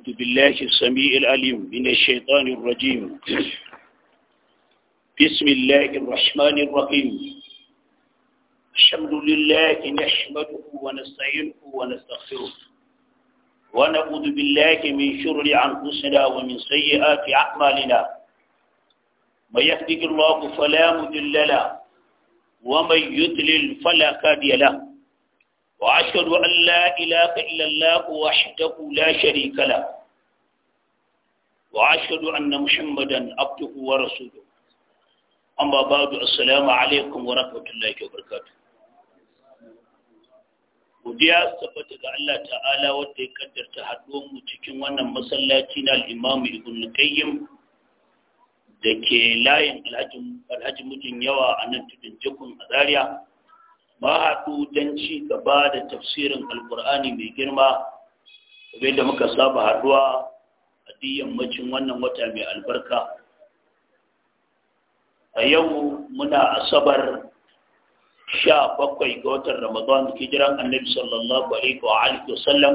أعوذ بالله السميع العليم من الشيطان الرجيم بسم الله الرحمن الرحيم الحمد لله نحمده ونستعينه ونستغفره ونعوذ بالله من شر أنفسنا ومن سيئات أعمالنا من يهدك الله فلا مضل له ومن يضلل فلا هادي له وأشهد أن لا إله إلا الله وحده لا شريك له وأشهد أن محمدا عبده ورسوله أما بعد السلام عليكم ورحمة الله وبركاته godiya sabbata ga Allah ta'ala wanda ya kaddarta haɗuwar mu cikin wannan masallaci na al'imamu Ibn Qayyim da ke layin Alhaji Mujin Yawa a nan tudun Jikun a zariya ba haɗu don ci gaba da tafsirin Alƙur'ani mai girma kamar da muka saba haɗuwa a yammacin wannan wata mai albarka a yau muna asabar sha bakwai ga watan ramadan hijiran annabi sallallahu alaihi wa alihi wasallam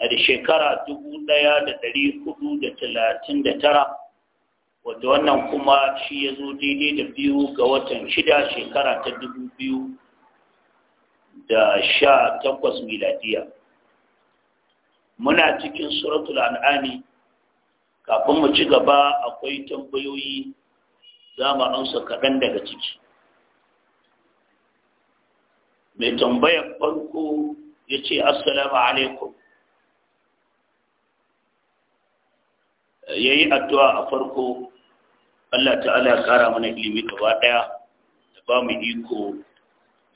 a da shekara dubu ɗaya da dari hudu da talatin da tara wadda wannan kuma shi ya zo daidai da biyu ga watan shida shekara ta dubu biyu da sha takwas miladiya muna cikin suratul an'ami kafin mu ci gaba akwai tambayoyi za mu amsa kaɗan daga ciki mai tambayar farko ya ce assalamu alaikum ya yi addu'a a farko Allah ta'ala Ya kara mana ilimi gaba ɗaya da ba mu iko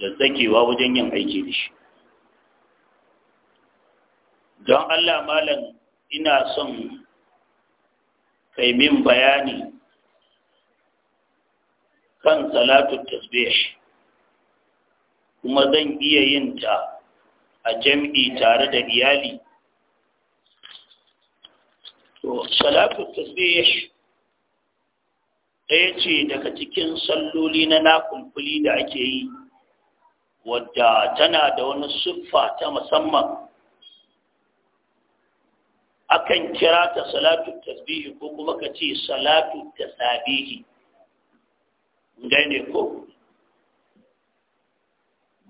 da tsakewa wajen yin aiki da shi don Allah malam ina son kai min bayani kan salatu tasbih kuma zan iya yin ta a jam'i tare da iyali to salatu tasbih ɗaya ce daga cikin salloli na nakulkuli da ake yi wadda tana da wani siffa ta musamman akan kira ta salatu tasbihi ko kuma ka ce salatu tasabihi ne ko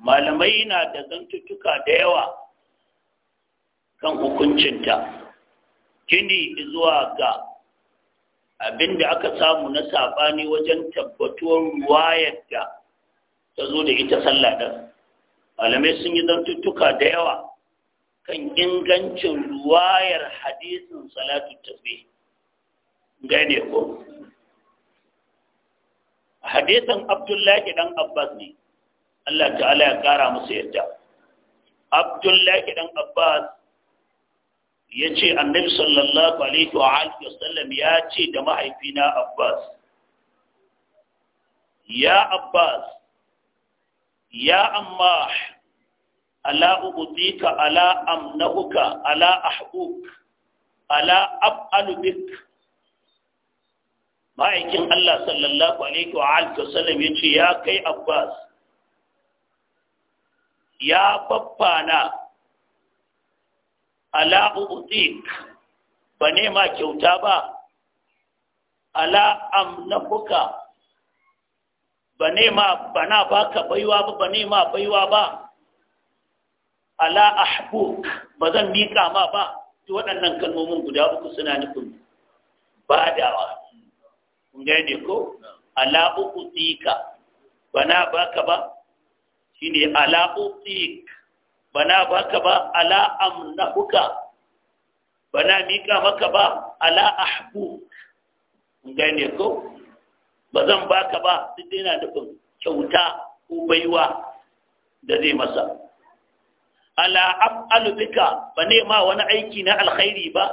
malamai na da zantuttuka da yawa kan hukuncinta gini zuwa ga Abin da aka samu na sabani wajen tabbatuwar ruwayar da ta zo da ita sallah ɗin malamai sun yi zantuttuka da yawa kan ingancin ruwayar hadisin salatu tafi gane ko hadisin abdullahi dan abbas ne Allah ta'ala ya kara musu yadda abdullahi dan abbas ya ce annabi sallallahu alaihi wa alihi wasallam ya ce da mahaifina abbas ya abbas ya amma ala ubutika ala amnahuka ala ahbuk ala bik ma'aikin Allah sallallahu alaihi wa alihi wasallam yace ya kai Abbas ya babbana ala ubutik ba ne ma kyauta ba ala amnahuka ba ne ma bana baka baiwa ba ba ma baiwa ba ala ahbu ba zan miƙa ma ba to waɗannan kalmomin guda uku suna nufin ba dawa. kun ne ko ala uku tsika bana baka ba shine ala utik bana baka ba ala amnahuka bana miƙa maka ba ala ahbu kun ne ko ba zan baka ba duk na nufin kyauta ko baiwa da zai masa ala af'alu bika ba ne ma wani aiki na alkhairi ba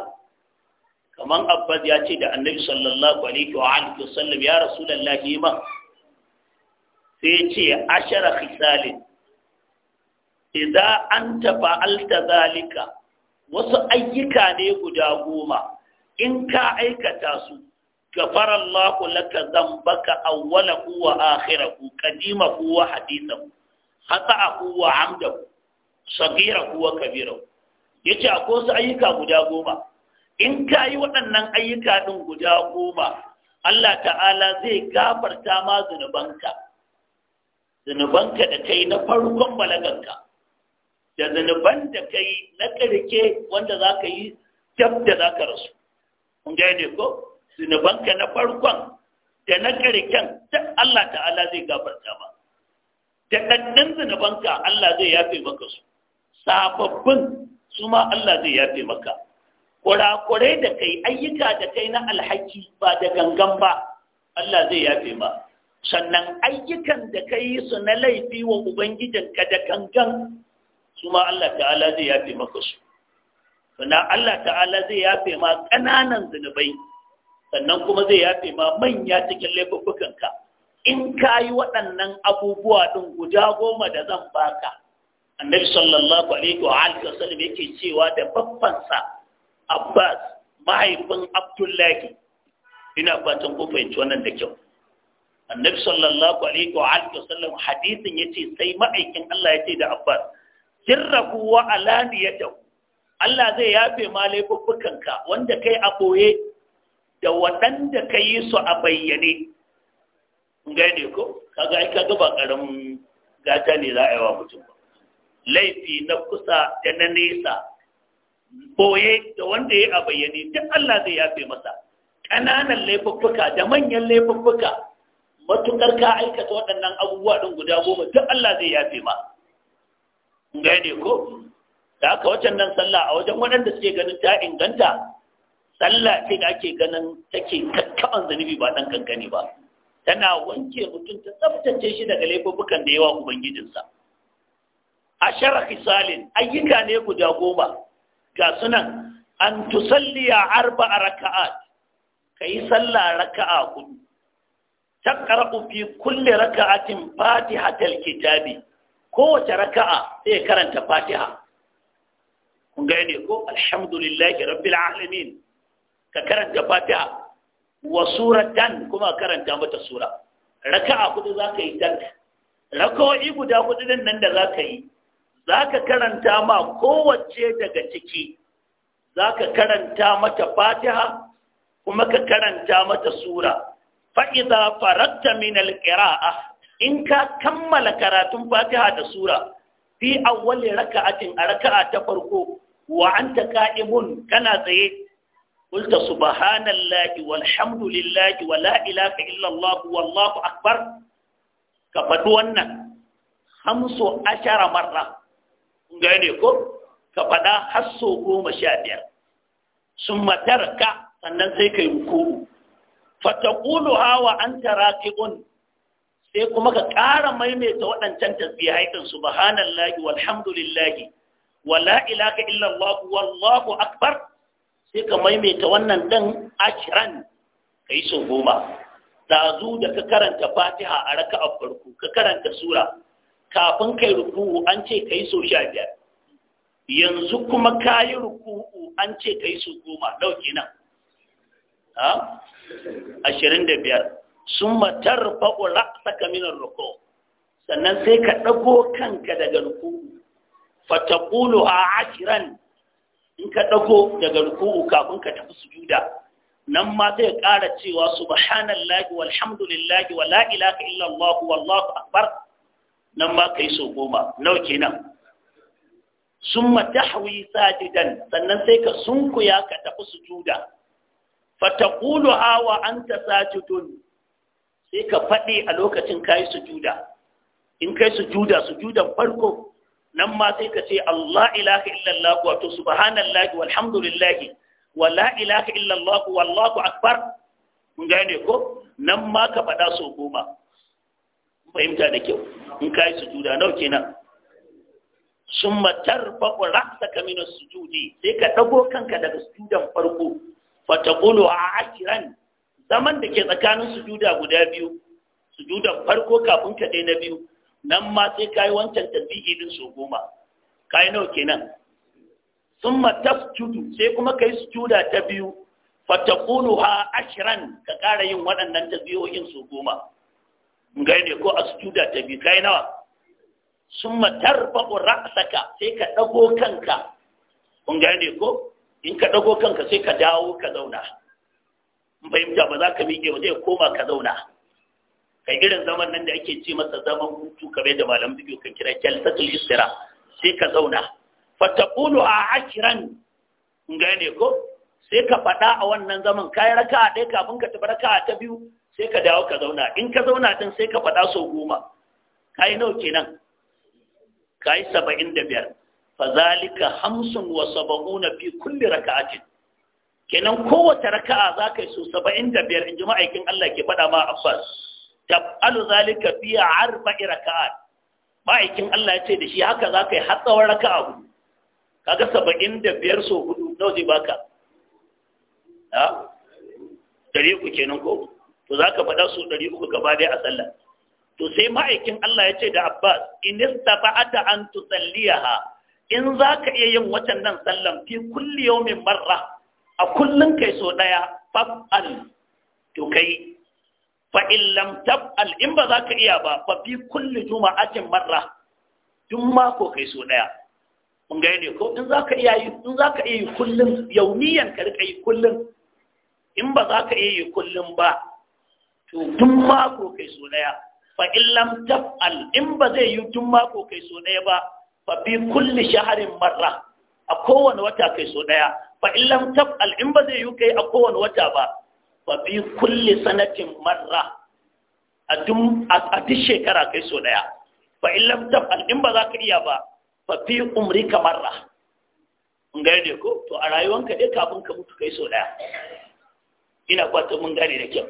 kaman abbas ya ce da annabi sallallahu alaihi wa alihi wasallam ya rasulullahi ma sai ce ashara khisalin idza anta fa'alta zalika wasu ayyuka ne guda goma in ka aikata su gafara Allah laka zambaka awwalahu wa akhirahu qadimahu wa hadithahu khata'ahu wa 'amdahu sagira kuwa kabira ya ce akwai wasu ayyuka guda goma in ka yi waɗannan ayyuka ɗin guda goma Allah ta'ala zai gafarta ma zunubanka zunubanka da kai na farkon balaganka da zunuban da kai na ƙarke wanda za ka yi dab da za ka rasu kun ne ko zunubanka na farkon da na ƙarken duk Allah ta'ala zai gafarta ma da ɗanɗin zunubanka Allah zai yafe maka su sababbin su ma Allah zai yafe maka kurakurai da kai ayyuka da kai na alhaki ba da gangan ba Allah zai yafe ma sannan ayyukan da ka yi su na laifi wa ubangijinka da gangan su ma Allah ta'ala zai yafe maka su sannan Allah ta'ala zai yafe ma ƙananan zunubai sannan kuma zai yafe ma manya cikin ka, in ka yi waɗannan abubuwa ɗin guda goma da zan baka annabi sallallahu alaihi wa alihi wasallam yake cewa da sa Abbas mahaifin Abdullahi ina fatan ku fahimci wannan da kyau annabi sallallahu alaihi wa alihi wasallam hadisin yace sai ma'aikin Allah yace da Abbas sirrahu wa alaniyatahu Allah zai yafe ma ka wanda kai a boye da waɗanda ka yi su a bayyane gane ko kaga ai kaga ba karamin gata ne za a yi wa mutum laifi na kusa da na nesa boye da wanda ya a bayyane duk Allah zai yafe masa ƙananan laifuffuka da manyan laifuffuka matukar ka aikata waɗannan abubuwa ɗin guda goma duk Allah zai yafe ma gane ko da aka wajen nan sallah a wajen waɗanda suke ganin ta inganta sallah ce da ake ganin take kakkaban zunubi ba ɗan kankani ba tana wanke mutum ta tsaftace shi daga laifuffukan da yawa ubangijinsa A sharafi salin ayyuka ne guda goma ga sunan an tusalliya arba raka'at yi sallah raka'a hudu taqra'u fi tun raka'atin fatihatal kitabi kowace raka'a sai karanta fatiha kun gane ko alhamdulillahi rabbil alamin ka karanta fatiha wa suratan kuma karanta mata sura raka'a kudu ka yi tak raka'o'i guda kudu nan da za ka yi za ka karanta ma kowace daga ciki za ka karanta mata fatiha kuma ka karanta mata sura fa'iza faratta min alƙira'a in ka kammala karatun fatiha da sura fi awwali raka'atin a raka'a ta farko wa anta mun kana tsaye قلت سبحان الله والحمد لله ولا إله إلا الله والله أكبر كفتونا خمس عشر gane ko ka faɗa har sau goma sha biyar sun ka sannan sai ka yi ruku fatakulu hawa an tara ki'un sai kuma ka ƙara maimaita waɗancan tasbihai su subhanallahi walhamdulillahi wala ilaka illallah wallahu akbar sai ka maimaita wannan din ashiran yi sau goma dazu da ka karanta fatiha a raka'a farko ka karanta sura kafin kai ruku'u an ce kai so sha biyar yanzu kuma kayi ruku'u an ce kai so goma dauke nan ha ashirin da biyar sun matar fa'ula saka minar ruku sannan sai ka ɗago kanka daga ruku'u fatakulu a ashirin in ka ɗago daga ruku'u kafin ka tafi sujuda nan ma zai ƙara cewa subhanallahi walhamdulillahi wa la ilaha illallah wallahu akbar nan ma yi so goma nawa kenan summa tahwi sajidan sannan sai ka sunkuya ka tafi sujuda fataquluha wa anta sajidun sai ka faɗi a lokacin su sujuda in kai sujuda sujudan farko nan ma sai ka ce Allah ilaha illallah wato subhanallahi walhamdulillahi wa la ilaha illallah wallahu akbar mun gane ko nan ma ka faɗa so goma fahimta da kyau in ka yi sujuda nau nan? sun matar baƙon rasa kamina sujudi sai ka ɗago kanka daga sujudan farko fatakulu a akiran zaman da ke tsakanin sujuda guda biyu sujudan farko kafin ka na biyu nan ma sai ka yi wancan tasbihi din su goma ka yi nau nan? sun matar sujudu sai kuma ka yi sujuda ta biyu fatakulu a ashiran ka ƙara yin waɗannan tasbihohin su goma gane ko a sujuda ta bi kai nawa summa tarfa'u ra'saka sai ka dago kanka kun gane ko in ka dago kanka sai ka dawo ka zauna in fahimta ba za ka miƙe ba zai koma ka zauna kai irin zaman nan da ake ce masa zaman hutu kamar da malam biyu ka kira jalsatul istira sai ka zauna fataqulu a ashiran kun gane ko sai ka faɗa a wannan zaman kayi raka'a ɗaya kafin ka tafi raka'a ta biyu sai ka dawo ka zauna in ka zauna din sai ka faɗa sau goma ka yi nau kenan ka yi saba'in da biyar fazalika hamsin wa saba'una fi kulli raka'atin kenan kowace raka'a za ka yi so saba'in da biyar in ji ma'aikin Allah ke faɗa ma Abbas tab'alu zalika fi arba'i raka'at ma'aikin Allah ya ce da shi haka za ka yi har tsawon raka'a hudu kaga saba'in da biyar so hudu nawa zai baka ha dare ku kenan ko to za ka faɗa su ɗari uku gaba dai a sallah to sai ma'aikin Allah ya ce da Abbas in istaba'ata an tusalliyaha in za ka iya yin watan nan sallan fi kulli min marra a kullun kai so ɗaya fa'al to kai fa in lam tab'al in ba za ka iya ba fa fi kulli juma'atin marra duk mako kai so ɗaya. mun ga ne ko in za ka iya yi in za ka iya yi kullun yaumiyan ka rika yi kullun in ba za ka iya yi kullun ba to tun mako kai so daya fa illam taf'al in ba zai yi tun mako kai so daya ba fa bi kulli shahrin marra a kowane wata kai so daya fa illam taf'al in ba zai yi kai a kowane wata ba fa bi kulli sanatin marra a duk shekara kai so daya fa illam taf'al in ba za ka iya ba fa fi umrika marra mun gane ne ko to a rayuwanka dai kafin ka mutu kai so daya ina kwata mun gane da kyau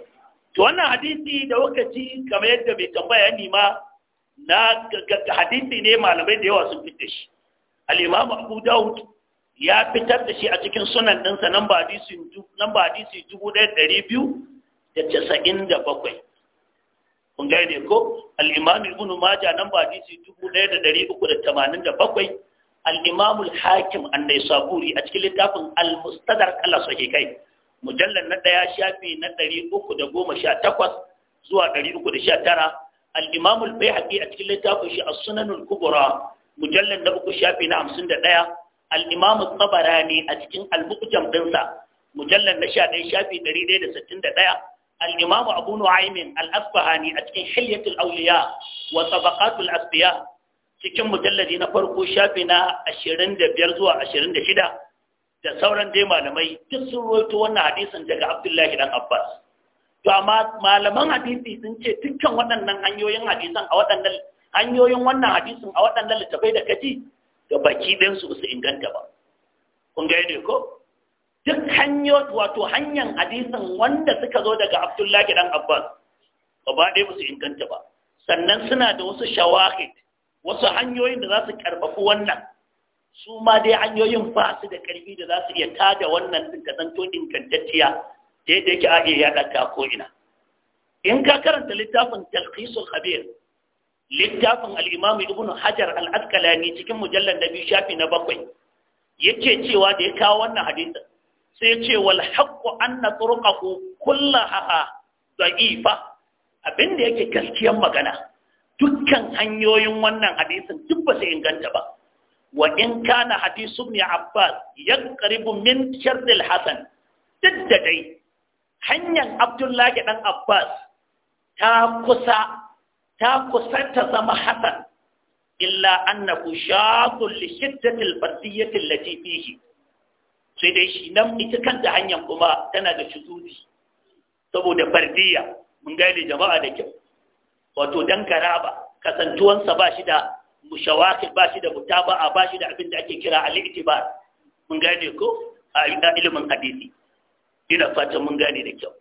to wannan hadisi da wakaci kamar yadda mai tambaya ni ma na hadisi ne malamai da yawa sun fitar shi al Abu Dawud ya fitar da shi a cikin sunan ɗinsa ba hadisi casa'in da bakwai. kun ne ko al-imam Maja nan ba hadisi tamanin da bakwai, al-Hakim an-Naisaburi a cikin littafin al-Mustadrak ala kai. mujallar na ɗaya shafi na ɗari uku da goma sha takwas zuwa ɗari uku da sha tara al'imamu bai bayhaqi a cikin littafin shi a sunanul kubura mujallar na uku shafi na hamsin da ɗaya al'imamu ne a cikin al-muqjam ɗinsa mujallar na sha ɗaya shafi ɗari ɗaya da sittin da ɗaya al'imamu abu nu'aymin al-asbahani a cikin hilyatul auliya wa tabaqatul asbiya cikin mujalladi na farko shafi na ashirin da biyar zuwa ashirin da shida da sauran dai malamai duk sun roito wannan hadisin daga abdullahi dan abbas to amma malaman hadisi sun ce dukkan waɗannan hanyoyin hadisan a waɗannan hanyoyin wannan hadisin a waɗannan littafai da kaji da baki ɗin su su inganta ba kun ga ne ko duk hanyo wato hanyar hadisin wanda suka zo daga abdullahi dan abbas ba ɗaya ba su inganta ba sannan suna da wasu shawahid wasu hanyoyin da za su karɓafi wannan su ma dai hanyoyin ba su da karfi da za su iya tada wannan ɗin ka zanto ingantacciya da yadda yake ake yaɗa ta ko'ina in ka karanta littafin talqisul khabir littafin al-imam ibn hajar al-asqalani cikin mujallar da biyu shafi na bakwai yace cewa da ya kawo wannan hadisin sai ce wal haqqu anna turqahu kullaha da'ifa abin da yake gaskiyar magana dukkan hanyoyin wannan hadisin duk ba su inganta ba wa in kana hadisu abbas yanqaribu min sharri hasan duk da dai hanyar abdullahi dan abbas ta kusa ta kusa ta zama hasan illa annahu shaqul li shiddati al-fardiyyati allati fihi sai dai shi nan ita kanta hanyar kuma tana da shuzuzi saboda fardiya mun gane jama'a da kyau wato dan karaba kasantuwansa ba shi da mushawakil ba shi da mutaba'a ba shi da abin da ake kira al-i'tibar mun gane ko a ilimin hadisi ina fatan mun gane da kyau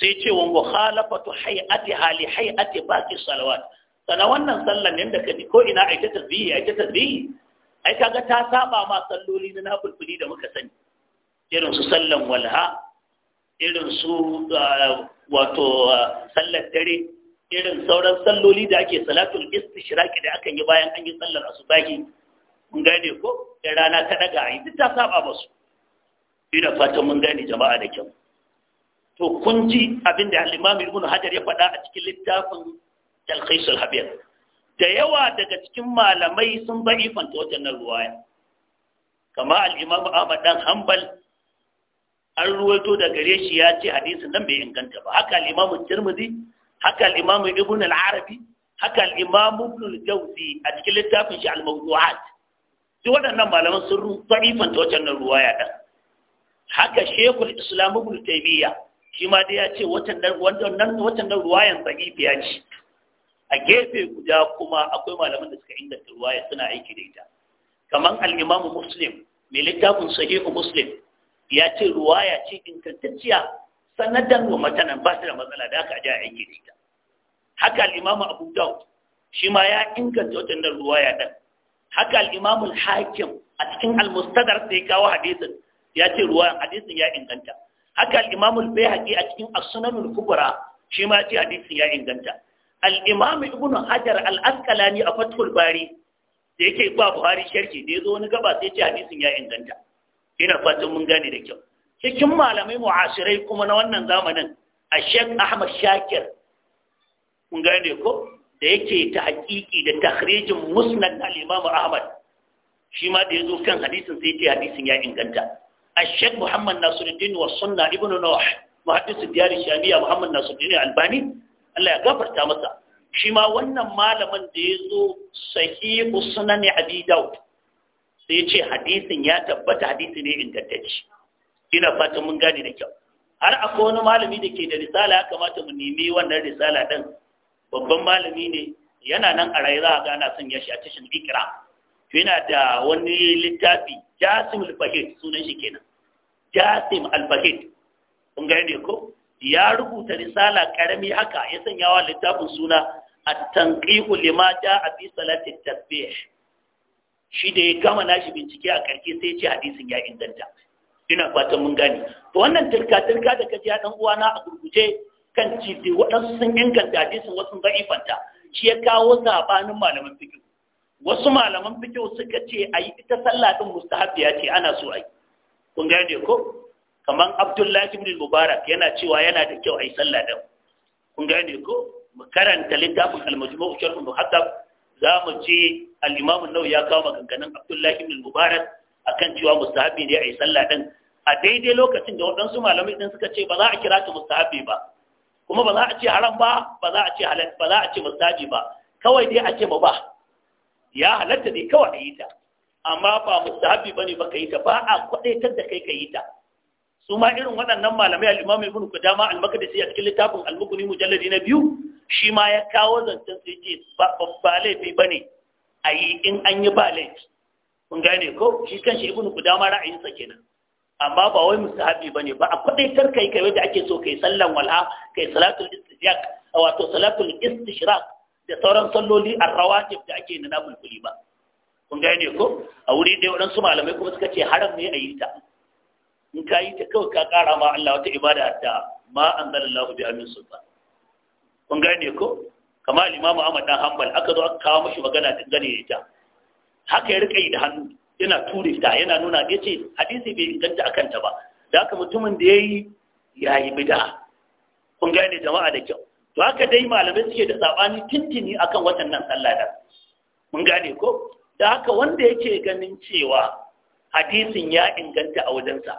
sai ce wa mukhalafatu hay'ati hali hay'ati baqi salawat sana wannan sallan yanda ka ko ina ai ta tasbihi ai ta tasbihi ai kaga ta saba ma salloli na nafilfili da muka sani irin su sallan walha irin su ah, wato ah, sallar dare irin sauran salloli da ake salatul istishraki da akan yi bayan an yi sallar asubahi mun gane ko da rana ta daga ayi duk ta saba musu ina fatan mun gane jama'a da kyau to kun ji abin da al-Imam Ibn Hajar ya faɗa a cikin littafin Talqis al-Habir da yawa daga cikin malamai sun bai fanta wajen ruwaya kama al-Imam Ahmad dan Hanbal an ruwaito da gare shi ya ce hadisin nan bai inganta ba haka al-Imam Tirmidhi haka al-imamu ibn al-arabi haka al-imamu ibn al a cikin littafin shi al-mawdu'at duk waɗannan malaman sun rufaifanta wacan nan ruwaya ɗan haka shekul islam ibn taymiya shi ma da ya ce wacan ruwayan ya ce a gefe guda kuma akwai malaman da suka inganta ruwaya suna aiki da ita kamar al-imamu muslim mai littafin sahihu muslim ya ce ruwaya ce ingantacciya sanadar wa matanan ba su da matsala da aka ajiye aiki da ita haka al'imamu abu daud shi ma ya inganta wajen ruwa ya ɗan haka al'imamu hakim a cikin al da ya kawo hadisin ya ce ruwa hadisin ya inganta haka al'imamu bai haƙi a cikin asunanul kubura shi ma ce hadisin ya inganta al'imamu ibn hajar al-asqalani a fatul bari da yake ba buhari sharhi da ya zo wani gaba sai ce hadisin ya inganta ina fatan mun gane da kyau cikin malamai mu'asirai kuma na wannan zamanin a Sheikh Ahmad Shakir kun gane ko da yake ta hakiki da tahrijin musnad na Imam Ahmad shi ma da yazo kan hadisin sai ta hadisin ya inganta a Sheikh Muhammad Nasiruddin wa Sunna Ibn Nawh muhaddis diyar Shamiya Muhammad Nasiruddin Albani Allah ya gafarta masa shi ma wannan malamin da yazo sahihu sunan Abi Dawud sai ya ce hadisin ya tabbata hadisi ne ingantacce ina fatan mun gane da kyau har akwai wani malami da ke da risala ya kamata mu nemi wannan risala din babban malami ne yana nan a rayu za a gana son ya shi a tashin ikira yana da wani littafi jasim al-fahid sunan shi kenan jasim al-fahid kun gane ko ya rubuta risala karami haka ya sanya wa littafin suna at-tanqihu lima ja'a fi salati tasbih shi da ya gama nashi bincike a karke sai ya ce hadisin ya inganta ina fatan mun gane to wannan tilka tilka da kaji dan uwana a gurguje kan citi waɗansu sun inganta hadisin wasu fanta, shi ya kawo sabanin malaman fikihu wasu malaman fikihu suka ce a yi ita sallah din mustahabiya ce ana so a yi kun gane ko kamar abdullahi ibn mubarak yana cewa yana da kyau a yi sallah din kun gane ko mu karanta littafin al-majmu' sharh muhaddab za mu ce al-imam an-nawawi ya kawo maganganun abdullahi ibn mubarak akan cewa mustahabi ne a yi sallah din a daidai lokacin da waɗansu malamai din suka ce ba za a kira ta mustahabi ba kuma ba za a ce haram ba ba za a ce halal ba za a ce mustahabi ba kawai dai a ce ba ba ya halatta dai kawai a yi ta amma ba mustahabi bane ba kai ta ba a kwadaitar da kai ka yi ta su ma irin waɗannan malamai al-Imam Ibn Qudama al makdisi a cikin littafin al-Mughni mujalladi na biyu shi ma ya kawo zancen sai ce ba laifi bane a yi in an yi ba laifi kun gane ko shi kanshi Ibn Qudama ra'ayinsa kenan amma ba wai mustahabi ne ba a tarkai kai kai wanda ake so kai sallan walha kai salatul istishaq wato salatul istishraq da sauran salloli arrawatib da ake na mulkuli ba kun gane ko a wuri dai waɗansu malamai kuma suka ce haram ne a yi ta in ka yi ta kawai ka ƙara ma Allah wata ibada ta ma an bi amin sulfa kun gane ko kamar imamu Ahmad dan Hanbal aka zo aka kawo mashi magana dangane da ita haka ya rika yi da hannu yana ture ta yana nuna ya ce hadisi bai inganta a kanta ba da aka mutumin da ya yi ya yi bida kun gane jama'a da kyau to haka dai malamai suke da sabani tintini akan waɗannan sallah da mun gane ko da haka wanda yake ganin cewa hadisin ya inganta a wajensa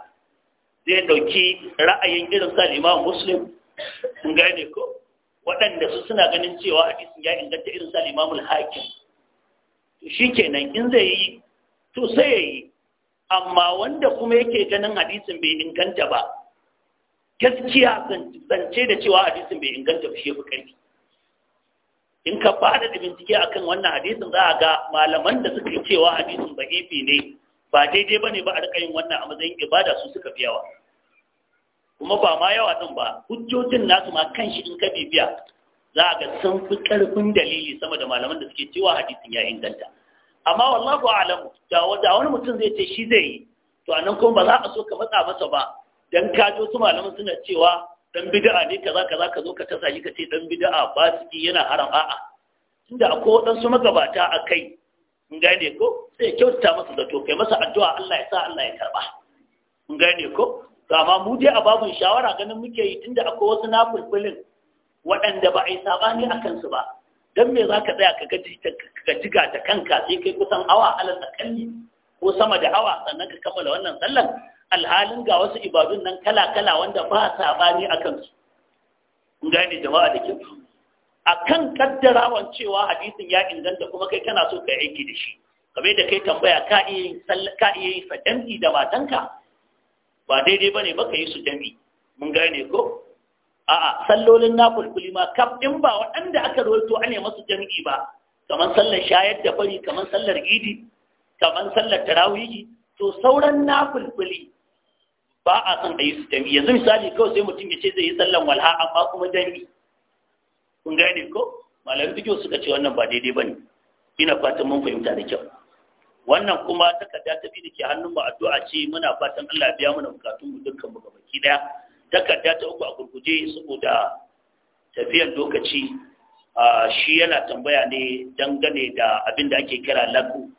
zai dauki ra'ayin irin sa imam muslim mun gane ko waɗanda su suna ganin cewa hadisin ya inganta irin sa imam al-hakim to shikenan in zai yi to sai yi amma wanda kuma yake ganin hadisin bai inganta ba gaskiya zance da cewa hadisin bai inganta ba shi fi in ka fada da bincike akan wannan hadisin za a ga malaman da suka cewa hadisin ba ifi ne ba daidai ba ne ba a rika yin wannan a matsayin ibada su suka fi yawa kuma ba ma yawa ɗin ba hujjojin nasu ma kan shi in ka bibiya za a ga sun fi ƙarfin dalili sama da malaman da suke cewa hadisin ya inganta amma wallahu a'lamu da wani mutum zai ce shi zai yi to anan kuma ba za a so ka matsa masa ba dan ka jo su malamin suna cewa dan bid'a ne kaza kaza ka zo ka tasa shi ka ce dan bid'a ba su ki yana haram a'a tunda akwai su magabata a kai in gane ko sai kyautata masa zato kai masa addu'a Allah ya sa Allah ya karba in gane ko to amma mu dai a babun shawara ganin muke yi tunda akwai wasu nafulfulin waɗanda ba a yi sabani a kansu ba don me za ka tsaya ka gaji ka jiga ta kanka sai kai kusan awa ala akalli ko sama da awa sannan ka kammala wannan sallan alhalin ga wasu ibadun nan kala kala wanda ba sabani akan su gane jama'a da a kan kaddarawan cewa hadisin ya inganta kuma kai kana so ka aiki da shi kamar da kai tambaya ka iya sa sadam'i da matanka ba daidai ba ne baka yi su jami mun gane ko a'a sallolin na kulkuli ma kaf ɗin ba waɗanda aka rawaito ane masu jami'i ba kamar sallar shayar da fari kamar sallar idi kamar sallar tarawihi to sauran nafulfuli ba a son a yi su yanzu misali kawai sai mutum ya ce zai yi sallan walha amma kuma jami kun gane ko malamin fikiyo suka ce wannan ba daidai ba ne ina fatan mun fahimta da kyau wannan kuma takarda ta biyu da ke hannun mu addu'a ce muna fatan Allah biya mana bukatun mu dukkan mu ki daya takarda ta uku a gurguje saboda tafiyar lokaci shi yana tambaya ne dangane da abin da ake kira lagu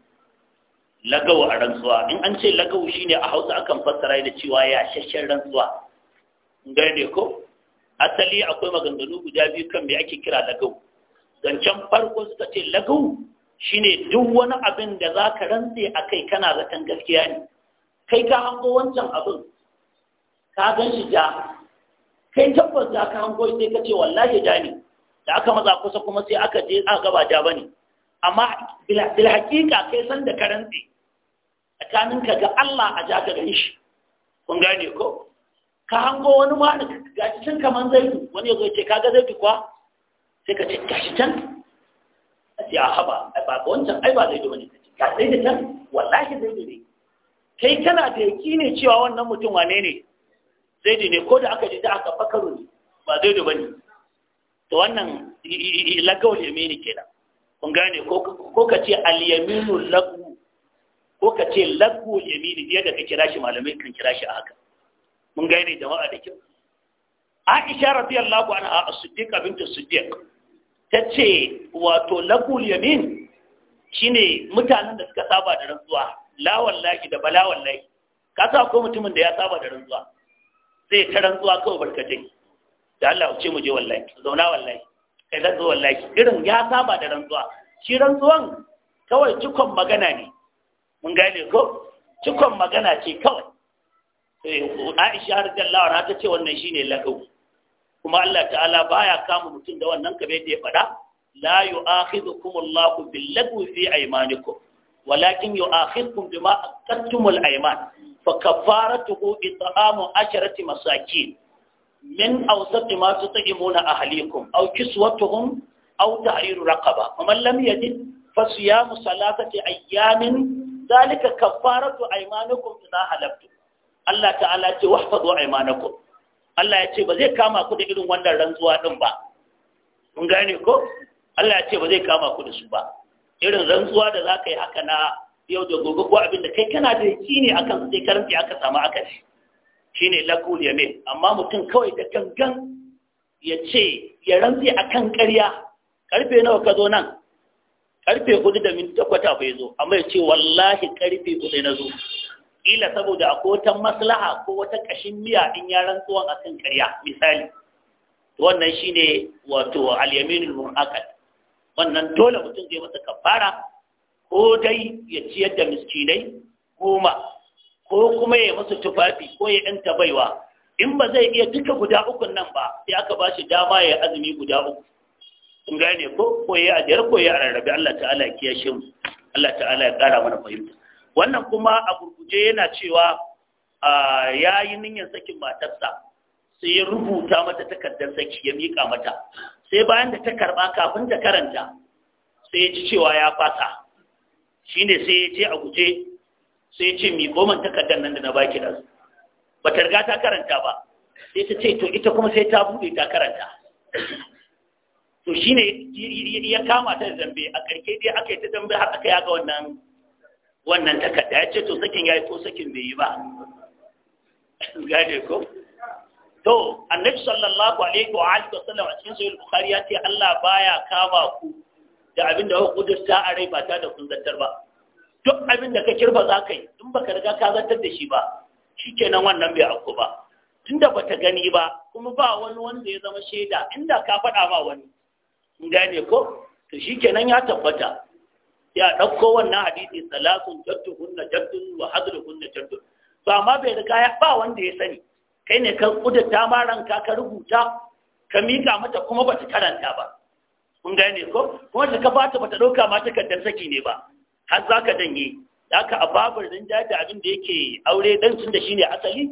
lagawa a rantsuwa in an ce shi shine a hausa akan fassara da cewa ya shashen rantsuwa gane ko asali akwai maganganu guda biyu kan me ake kira lagawu zancen farko suka ce shi shine duk wani abin da za ka rantse a kai kana zaton gaskiya ne kai ka hango wancan abin ka gan shi ja kai tabbas ka hango sai ka ce wallahi ja ne da aka matsa kusa kuma sai aka je aka gaba ja bane amma bil haqiqa kai san da karanti tsakanin ka ga Allah a ja ka gani shi kun gane ko ka hango wani ma da gashi can kaman zaitu wani yazo ce kaga zaitu kwa sai ka ce gashi can sai a haba ai ba wancan ai ba zaitu wani ka sai da can wallahi zai ne kai kana da yaki ne cewa wannan mutum wane ne Zai ne ko da aka je da aka fakaru ba ba zaitu bane to wannan lagawul yamini kenan kun gane ko ka ce al lagu ko ka ce lagu yamini yadda ka kira shi malamai kan kira shi a haka mun gane jama'a da kyau Aisha radiyallahu anha as-Siddiqa bint as ta ce wato lagu yamin shi ne mutanen da suka saba da rantsuwa lawan laki da bala laki ka sa ko mutumin da ya saba da rantsuwa zai ta rantsuwa kawai barkatai da Allah ce mu je wallahi zauna wallahi kai zan zo wallahi irin ya saba da rantsuwa shi rantsuwan kawai cikon magana ne mun gane ko cikon magana ce kawai eh, Aisha radiyallahu anha ta ce wannan shine lakau kuma Allah ta'ala baya kama mutum da wannan kamar da ya faɗa la yu'akhidhukum Allahu bil lagwi fi aymanikum walakin yu'akhidhukum bima aqattumul ayman fa kaffaratuhu it'amu asharati masakin min awsati ما تطعمون أهليكم أو كسوتهم أو تحرير رقبة ومن لم يجد فصيام ثلاثة ayyamin ذلك كفارة أيمانكم إذا هلبتم Allah ta'ala ce wahfazu aymanakum Allah ya ce ba zai kama ku da irin wannan rantsuwa ɗin ba mun gane ko Allah ya ce ba zai kama ku da su ba irin rantsuwa da ka yi haka na yau da gobe ko abin kai kana da yaki ne akan sai karanti aka samu aka Shi ne lagul yamin amma mutum kawai da gangan ya ce ya rantsi kan ƙarya karfe nawa ka zo nan karfe hudu da minti kwata bai zo amma ya ce wallahi karfe hudu na zo ila saboda akwai wata maslaha ko wata ƙashin miya in ya rantsuwan kan ƙarya misali wannan shi ne wato al-yaminul wannan dole mutum zai masa kafara ko dai ya ciyar da miskinai goma ko kuma ya musu tufafi ko ya yanta baiwa in ba zai iya duka guda ukun nan ba sai aka ba shi dama ya azumi guda uku in gane ko ko ya ajiyar ko ya rarrabe Allah ta'ala ya kiyashe mu Allah ta'ala ya ƙara mana fahimta wannan kuma a gurguje yana cewa ya yi niyyar sakin matarsa sai ya rubuta mata takardar saki ya miƙa mata sai bayan da ta karɓa kafin ta karanta sai ya ci cewa ya fasa shine sai ya je a guje sai ce mi goma takardar nan da na baki da su ba ta riga ta karanta ba sai ta ce to ita kuma sai ta bude ta karanta to shine ya kama ta zambe a karke dai aka yi ta zambe har aka yaga wannan wannan takarda ya ce to sakin ya yi ko sakin bai yi ba gane ko to annabi sallallahu alaihi wa alihi wasallam a cikin sahih bukhari ya ce Allah baya kama ku da abin da ku kudurta a rai ba ta da kun zartar ba duk abin da ka kirba za ka yi in baka riga ka zartar da shi ba shikenan wannan bai auku ba tunda bata gani ba kuma ba wani wanda ya zama shaida inda ka faɗa ma wani in gane ko to shikenan ya tabbata ya ɗauko wannan hadisi salatun jaddu hunna jaddu wa hadru hunna jaddu to amma bai riga ya ba wanda ya sani kai ne ka kudurta ma ranka ka rubuta ka mika mata kuma bata karanta ba kun gane ko kuma ta ka bata bata ɗauka ma takardar saki ne ba har za ka danye da ka a babar don da abin da yake aure dan tun da shi ne asali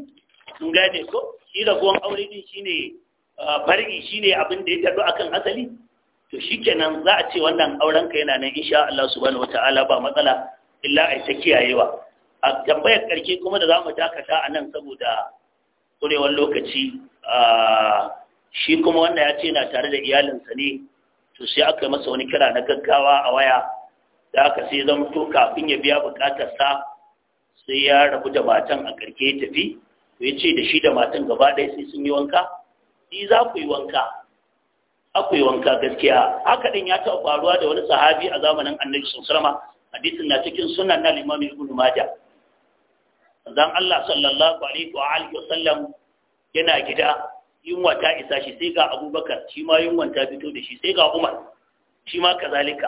sun gane ko shi raguwan aure din shi ne fargi shi ne abin da ya a akan asali to shi kenan za a ce wannan aurenka yana nan insha Allah subhanahu wata'ala ba matsala illa a ta kiyayewa a tambayar karke kuma da za mu dakata a nan saboda ƙurewar lokaci shi kuma wannan ya ce na tare da iyalinsa ne to sai aka masa wani kira na gaggawa a waya da aka sai zama to kafin ya biya bukatarsa sai ya rabu da matan a karke tafi to ya ce da shi da matan gaba ɗaya sai sun yi wanka shi za ku yi wanka akwai wanka gaskiya haka din ya taɓa faruwa da wani sahabi a zamanin annabi sallama hadisin na cikin sunan na limam ibn majah dan Allah sallallahu alaihi wa alihi wasallam yana gida yunwa ta isa shi sai ga Abubakar shi ma yunwan ta fito da shi sai ga Umar shi ma kazalika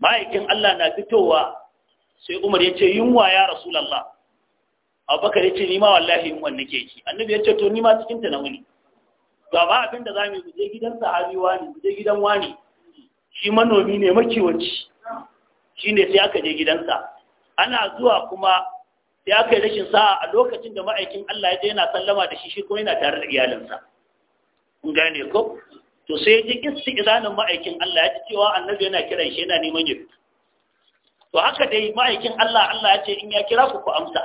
ma'aikin Allah na fitowa sai Umar ya ce yunwa ya Rasulullah Abubakar ya ce ni ma wallahi yunwa nake ki annabi ya ce to ni ma cikin na wuni ga ba abin da zamu yi je gidan sahabi wani mu gidan wani shi manomi ne makiwanci ne sai aka je gidansa ana zuwa kuma sai aka yi rashin sa'a a lokacin da ma'aikin Allah ya je yana sallama da shi shi kuma yana tare da iyalinsa kun gane ko to sai ya ji istiqzanin ma'aikin Allah ya ji cewa annabi yana kiran shi yana neman ya to haka dai ma'aikin Allah Allah ya ce in ya kira ku ku amsa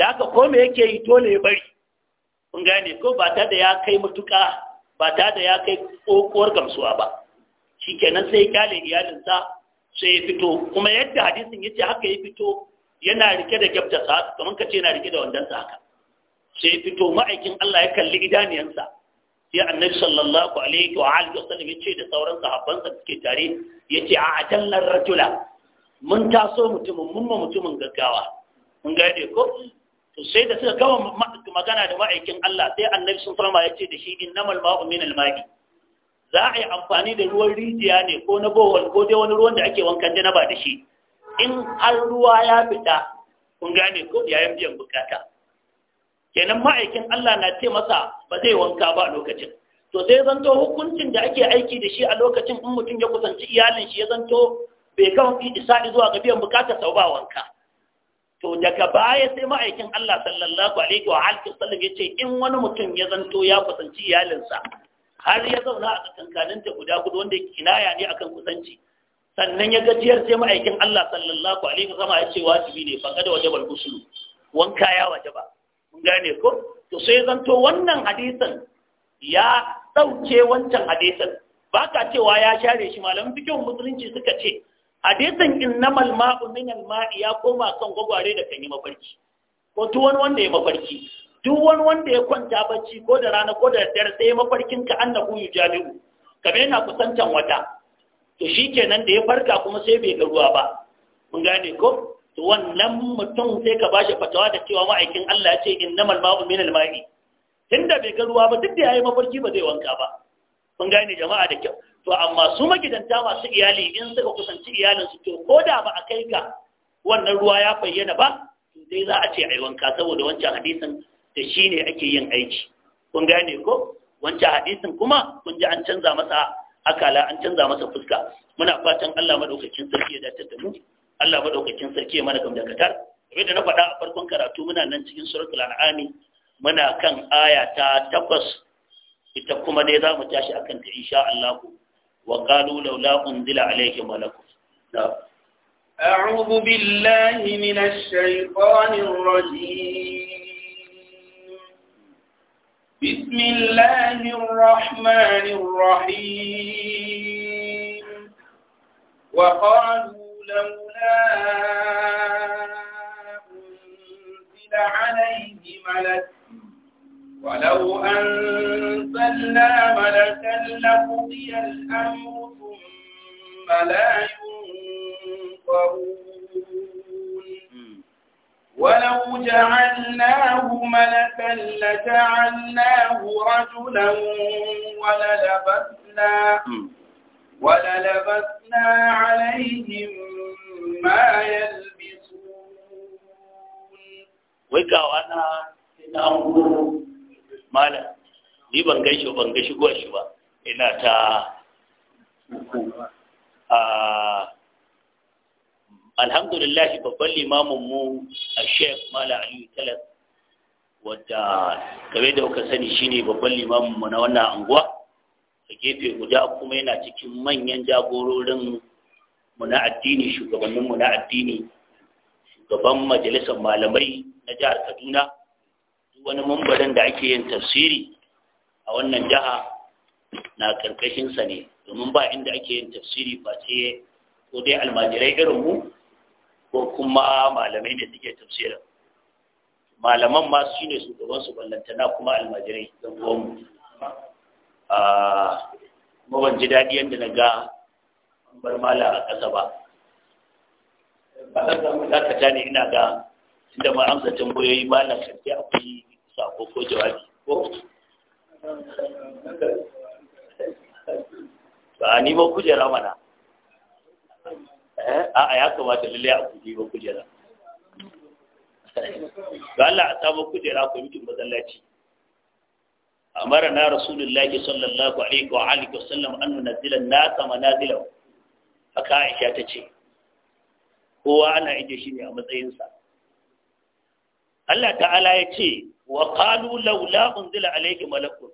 da haka ko me yake yi dole ya bari kun gane ko ba ta da ya kai mutuka ba ta da ya kai kokowar gamsuwa ba Shi kenan sai ya kyale iyalinsa sai ya fito kuma yadda hadisin ya ce haka ya fito yana rike da gyabta kamar ka ce yana rike da wandansa haka sai ya fito ma'aikin Allah ya kalli idaniyansa sai annabi sallallahu alaihi wa alihi wasallam ya ce da sauran sahabbansa da suke tare ya ce a ajallar rajula mun taso mutumin mun ma mutumin gaggawa mun ga ko to sai da suka gama magana da ma'aikin Allah sai annabi sun farma ya ce da shi innamal ma'u min al-ma'i za a yi amfani da ruwan rijiya ne ko na bohol ko dai wani ruwan da ake wankan ba da shi in har ruwa ya fita kun gane ko yayin biyan bukata kenan ma'aikin Allah na ce masa ba zai wanka ba a lokacin to sai zanto hukuncin da ake aiki da shi a lokacin in mutum ya kusanci iyalin shi ya zanto bai kan isa'i zuwa ga biyan bukatar sau ba wanka to daga baya sai ma'aikin Allah sallallahu alaihi wa alihi sallam ya ce in wani mutum ya zanto ya kusanci iyalinsa har ya zauna a ta guda gudu wanda kinaya ne akan kusanci sannan ya gajiyar sai ma'aikin Allah sallallahu alaihi wa sallam ya ce wajibi ne fa kada wajabal ghusl wanka ya wajaba kun gane ko to sai zanto wannan hadisin ya ɗauke wancan hadisin ba ka cewa ya share shi malamin fikin musulunci suka ce hadisin innamal ma'u al ma'i ya koma kan gwagware da kan yi mafarki ko duk wani wanda ya mafarki duk wani wanda ya kwanta bacci ko da rana ko da daddare sai ya mafarkin ka annahu jami'u kamar yana kusantan wata to shikenan da ya farka kuma sai bai ga ruwa ba mun gane ko to wannan mutum sai ka bashi fatawa da cewa ma'aikin Allah ya ce innamal ma'u minal ma'i tunda bai ga ruwa ba duk da yayi mafarki ba zai wanka ba kun gane jama'a da kyau to amma su magidanta masu iyali in suka kusanci iyalin su to ko da ba a kai ga wannan ruwa ya bayyana ba dai za a ce ai wanka saboda wancan hadisin da shine ake yin aiki kun gane ko wancan hadisin kuma kun ji an canza masa akala an canza masa fuska muna fatan Allah madaukakin sarki ya dace da mu Allah madaukakin sarki ya mana gamdakatar abin da na faɗa a farkon karatu muna nan cikin suratul an'ami muna kan aya ta takwas ita kuma dai za mu tashi akan ta insha Allah wa qalu laula unzila alayhi malakun أعوذ بالله من الشيطان الرجيم بسم الله الرحمن الرحيم وقالوا لو أنزل عليه ملك ولو أنزلنا ملكا لقضي الأمر ثم لا ينظرون ولو جعلناه ملكا لجعلناه رجلا وللبسنا وللبسنا عليهم ما يلبسون وقعوا أنا ina mala ni ban gaishe ban ga shigo shi ba ina ta alhamdulillah babban limamin mu a sheikh mala aliyu talas wadda kamar da kuka sani shine babban limamin mu na wannan anguwa a gefe guda kuma yana cikin manyan jagororin mu na addini shugabannin na addini shugaban majalisar malamai na jihar Kaduna wani mambarin da ake yin tafsiri a wannan jiha na karkashin sa ne domin ba inda ake yin tafsiri ba ce ko dai almajirai irin mu ko kuma malamai da suke tafsirin malaman ma su ne shugaban su ballantana kuma almajirai don mu. Ah, kuma ban ji daɗi yadda na ga bar mala a ƙasa ba ba za ka mu ta tani ina ga inda mu amsa tambayoyi ba na karfi a kai sako ko jawabi ko ba ni ba kujera mana eh a a ya kamata lalle a ku ba ku jira ga Allah a samu ku jira ku miki masallaci amara na rasulullahi sallallahu alaihi wa alihi wa sallam an nazila na zilan. haka aisha ta ce kowa ana ije shi ne a matsayinsa Allah ta'ala ya ce wa kalu laula unzila alayhi malakun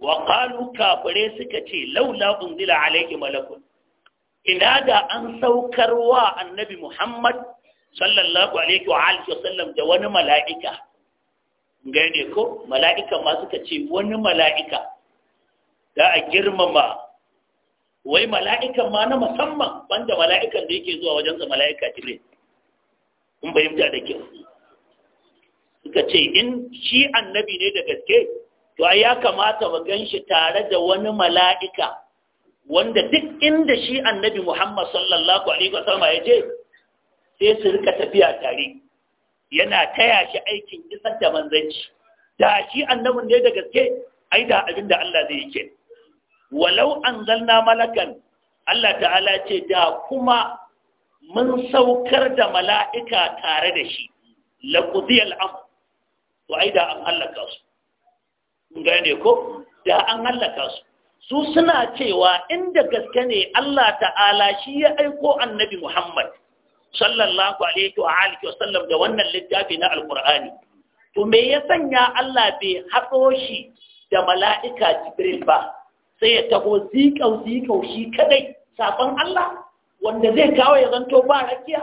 wa kalu kafire suka ce laula unzila alayhi malakun ina da an saukar wa annabi Muhammad sallallahu alaihi wa alihi wa sallam da wani mala'ika gane ko mala'ika ma suka ce wani mala'ika da a girmama wai mala'ikan ma na musamman banda mala'ikan da yake zuwa wajensa mala'ika jibril kun fahimta da kyau suka ce in shi annabi ne da gaske to ya kamata mu ganshi tare da wani mala'ika wanda duk inda shi annabi Muhammad sallallahu alaihi wasallama ya je sai su rika tafiya tare yana taya shi aikin isar da manzanci da shi annabin ne da gaske ai da abin da Allah zai yi ke walau an anzalna malakan Allah ta'ala ce da kuma mun saukar da mala'ika tare da shi laƙudiyar amur to ai da an hallaka su gane ko da an hallaka su su suna cewa inda gaske ne Allah ta'ala shi ya aiko annabi Muhammad sallallahu alaihi wa alihi wasallam da wannan littafi na alkur'ani to me ya sanya Allah bai haɗo shi da mala'ika Jibril ba sai ya taho zikau zikau shi kadai sakon Allah wanda zai kawo ya zanto ba rakiya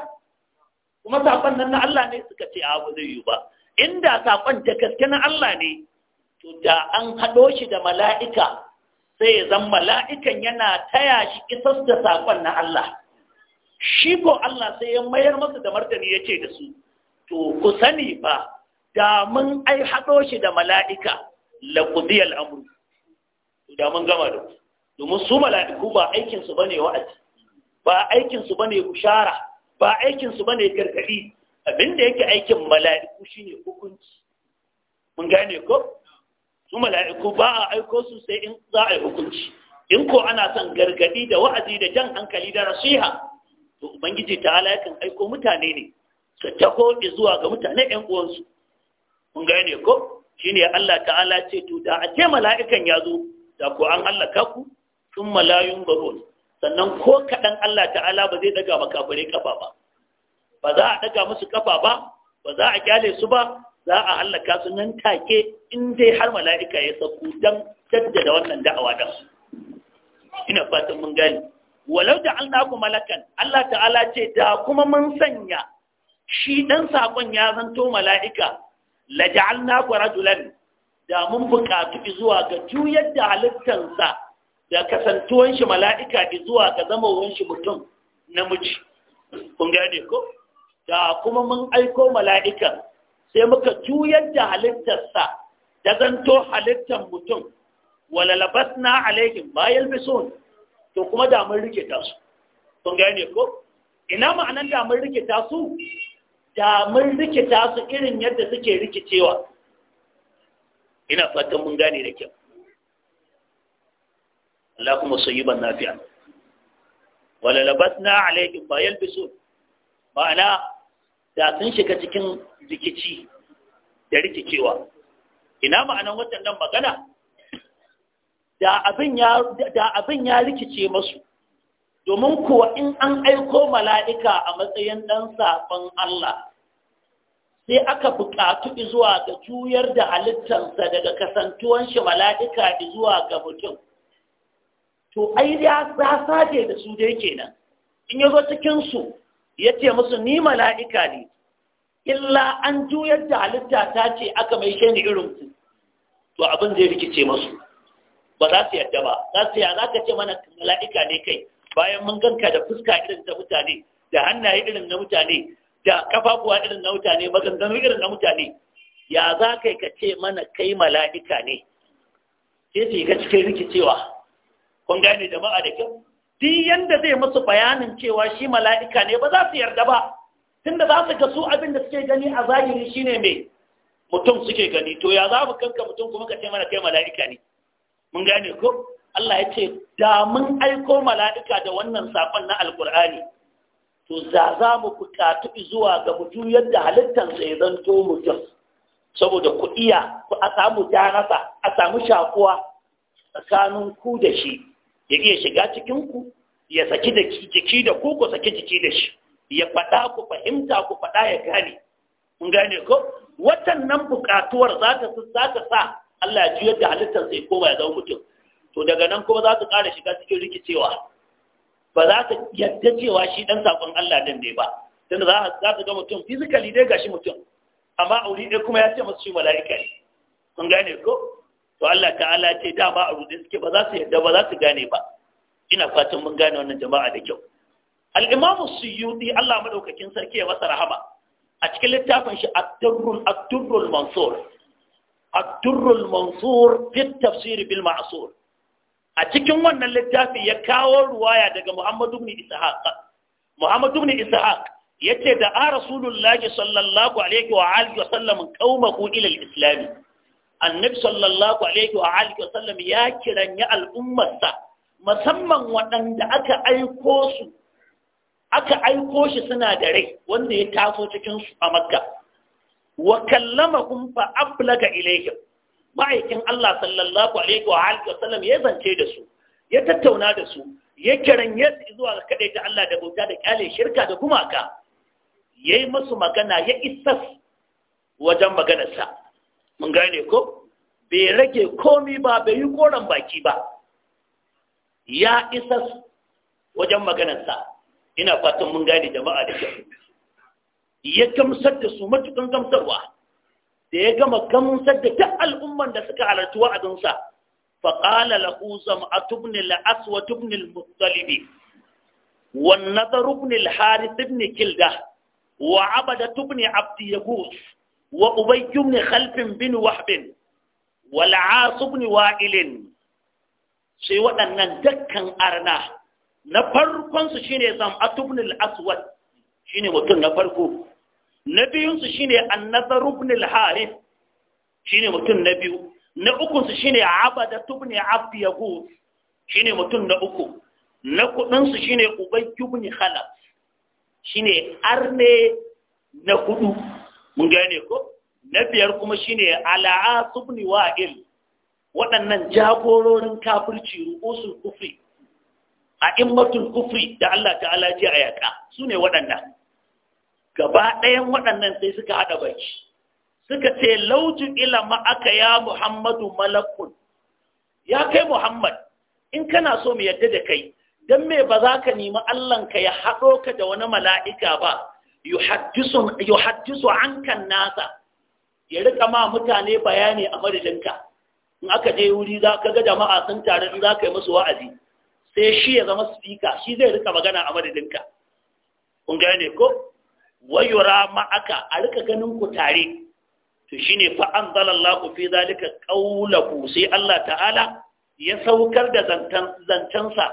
kuma sakon nan na Allah ne suka ce abu zai yi ba inda saƙon ta gaske na Allah ne to da an haɗo shi da mala'ika sai ya zan mala'ikan yana taya shi kisas da sakon na Allah shi ko Allah sai ya mayar masa da martani ya ce da su to ku sani ba, da mun ai haɗo shi da mala'ika laƙudiyar amurka to da mun gama da domin su mala'iku ba aikin su bane wa'azi ba aikin su bane bushara ba aikin su bane gargadi abinda yake aikin mala'iku shine hukunci mun gane ko su mala'iku ba a aiko su sai in za a yi hukunci in ko ana son gargadi da wa'azi da jan hankali da nasiha to ubangiji ta'ala yakan aiko mutane ne su tako zuwa ga mutane ƴan uwansu mun gane ko shine Allah ta'ala ce to da a ce mala'ikan ya zo da ko an hallaka ku sun malayun baron sannan ko kaɗan Allah ta'ala ba zai daga makafirai kafa ba ba za a daga musu kafa ba ba za a kyale su ba za a hallaka su nan take in dai har mala'ika ya saku don jaddada wannan da'awa da su ina fatan mun gani walau da Allah ku malakan Allah ta'ala ce da kuma mun sanya shi ɗan sakon ya zanto mala'ika la ja'alna ku rajulan da mun buƙatu zuwa ga juyar da halittarsa da kasantuwan shi mala'ika zuwa ga zamawan shi mutum namiji kun gane ko da kuma mun aiko mala'ikan sai muka juyar da halittarsa da zanto halittar mutum wala labasna alaihim ma yalbisun to kuma da mun rike ta su kun gane ko ina ma'anan da mun rike ta su da mun rike ta su irin yadda suke rikicewa ina fatan mun gane da kyau اللهم صيبا نافعا وللبسنا عليهم ما يلبسون ma'ana da sun shiga cikin rikici da rikicewa ina ma'anan wannan magana da abin ya rikice masu domin kuwa in an aiko mala'ika a matsayin dan sakon Allah sai aka buƙatu zuwa ga juyar da halittarsa daga kasantuwan shi mala'ika zuwa ga mutum to ai ya sace da su dai kenan in yazo cikinsu, ya ce musu ni mala'ika ne illa an juyar da halitta ta ce aka mai shi ne irinku, to abin zai rikice masu, ba za su yadda ba za su za ka ce mana mala'ika ne kai bayan mun ganka da fuska irin ta mutane da hannaye irin na mutane da kafafuwa irin na mutane maganganu irin na mutane ya za kai ka ce mana kai mala'ika ne sai su ka cikin rikicewa kun gane jama'a da kyau duk yanda zai musu bayanin cewa shi mala'ika ne ba za su yarda ba tunda za su ga su abin da suke gani a zahiri shine mai mutum suke gani to ya za mu kanka mutum kuma ka ce mana kai mala'ika ne mun gane ko Allah ya ce da mun aiko mala'ika da wannan sakon na alkur'ani to za za mu buƙatu zuwa ga mutum yadda halittar sai zanto mutum saboda kuɗiya ku a samu jarasa a samu shakuwa tsakanin ku da shi ya iya shiga cikin ya saki da jiki da ku ku saki jiki da shi ya faɗa ku fahimta ku faɗa ya gane kun gane ko nan buƙatuwar za ta sa Allah ya ji yadda halittar sai koma ya zama mutum to daga nan kuma za ta ƙara shiga cikin rikicewa ba za ka yadda cewa shi dan sakon Allah din ne ba tunda da za ka ga mutum physically dai shi mutum amma aure dai kuma ya ce masu shi mala'ika ne kun gane ko to Allah ta'ala ce dama a rudin suke ba za su yadda ba za su gane ba ina fatan mun gane wannan jama'a da kyau al yi suyudi Allah maɗaukakin sarki ya masa rahama a cikin littafin shi ad-durrul mansur ad-durrul mansur fit tafsir bil ma'sur a cikin wannan littafi ya kawo ruwaya daga Muhammadu ibn Ishaq Muhammadu ibn Ishaq yace da a Rasulullahi sallallahu alaihi wa alihi wa sallam qaumahu ila al-islam annabi sallallahu alaihi wa alihi wa sallam ya kiranya al'ummarsa musamman waɗanda aka aiko su aka aiko shi suna da rai wanda ya taso cikin su a Makka wa kallamahum fa ablaga ilaihim ma'aikin Allah sallallahu alaihi wa alihi wa sallam ya zance da su ya tattauna da su ya kiran ya zuwa ga kadai ta Allah da bauta da kyale shirka da gumaka yayi musu magana ya isas wajen maganarsa mun gane ko bai rage komi ba bai yi koran baki ba ya isas wajen maganarsa ina fatan mun gane jama'a da kyau ya gamsar da su matukan gamsarwa da ya gama gamsar da duk al'umman da suka halarci wa'adinsa faƙala lahu zam'atu ibn aswa, aswad ibn al-muttalib wa nadar ibn kilda wa abada ibn abd wa ubay ibn khalf bin wahb wal aas ibn wa'il sai waɗannan dakkan arna na shi ne shine zam'atu ibn aswa. Shi ne mutum na farko na biyunsu shi ne annazar rubnil harif shi ne mutum na biyu na ukunsu shi ne abada tubni abdi shi ne mutum na uku na kudinsu shi ne ubayyubni khalaf shi ne arne na hudu mun gane ko na biyar kuma shi ne ala'a tubni wa'il waɗannan jagororin kafirci rukusun kufri a immatul kufri da Allah ta'ala ji a yaƙa su ne waɗannan gaba ɗayan waɗannan sai suka haɗa baki suka ce lauju ilama aka ya muhammadu malakun ya kai muhammad in kana so mu yadda da kai don me ba za ka nemi ka ya haɗo ka da wani mala'ika ba yuhaddisu an kan nasa ya rika ma mutane bayani a madadinka in aka je wuri za ka ga jama'a sun tare za ka yi musu wa'azi sai shi ya zama spika shi zai rika magana a madadinka kun gane ko wayura ma'aka a rika ganin ku tare to shine fa anzalallahu fi zalika qawlahu sai Allah ta'ala ya saukar da zantan zantansa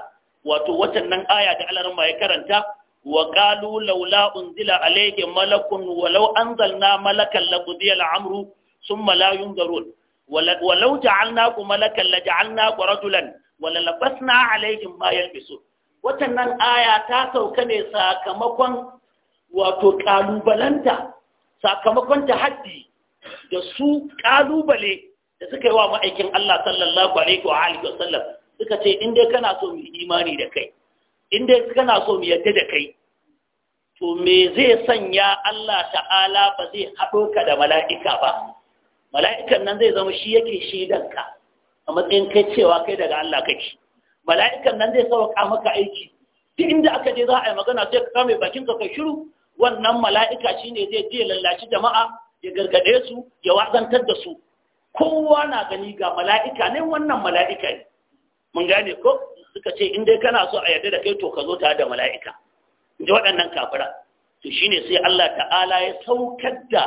wato watan nan aya da Allah ya karanta wa qalu laula unzila alayhi malakun walau anzalna malakan laqudiya al'amru thumma la yunzarun ولو جعلناكم ملكا لجعلناكم رجلا وللبسنا عليهم ما Watan nan aya ta sauka ne sakamakon wato ƙalubalanta sakamakon haddi da su ƙalubale da suka yi wa ma'aikin Allah sallallahu alaihi wa alihi wa sallam suka ce in dai kana so mu imani da kai in dai kana so mu yadda da kai to me zai sanya Allah ta'ala ba zai haɗo ka da mala'ika ba mala'ikan nan zai zama shi yake ka a matsayin kai cewa kai daga Allah kake mala'ikan nan zai sauka maka aiki duk inda aka je za a yi magana sai ka kame bakin ka kai shiru wannan mala'ika shi ne zai je lallaci jama'a ya gargade su ya wazantar da su kowa na gani ga mala'ika ne wannan mala'ika ne mun gane ko suka ce in dai kana so a yarda da kai to ka zo ta da mala'ika da waɗannan kafira to ne sai Allah ta'ala ya saukar da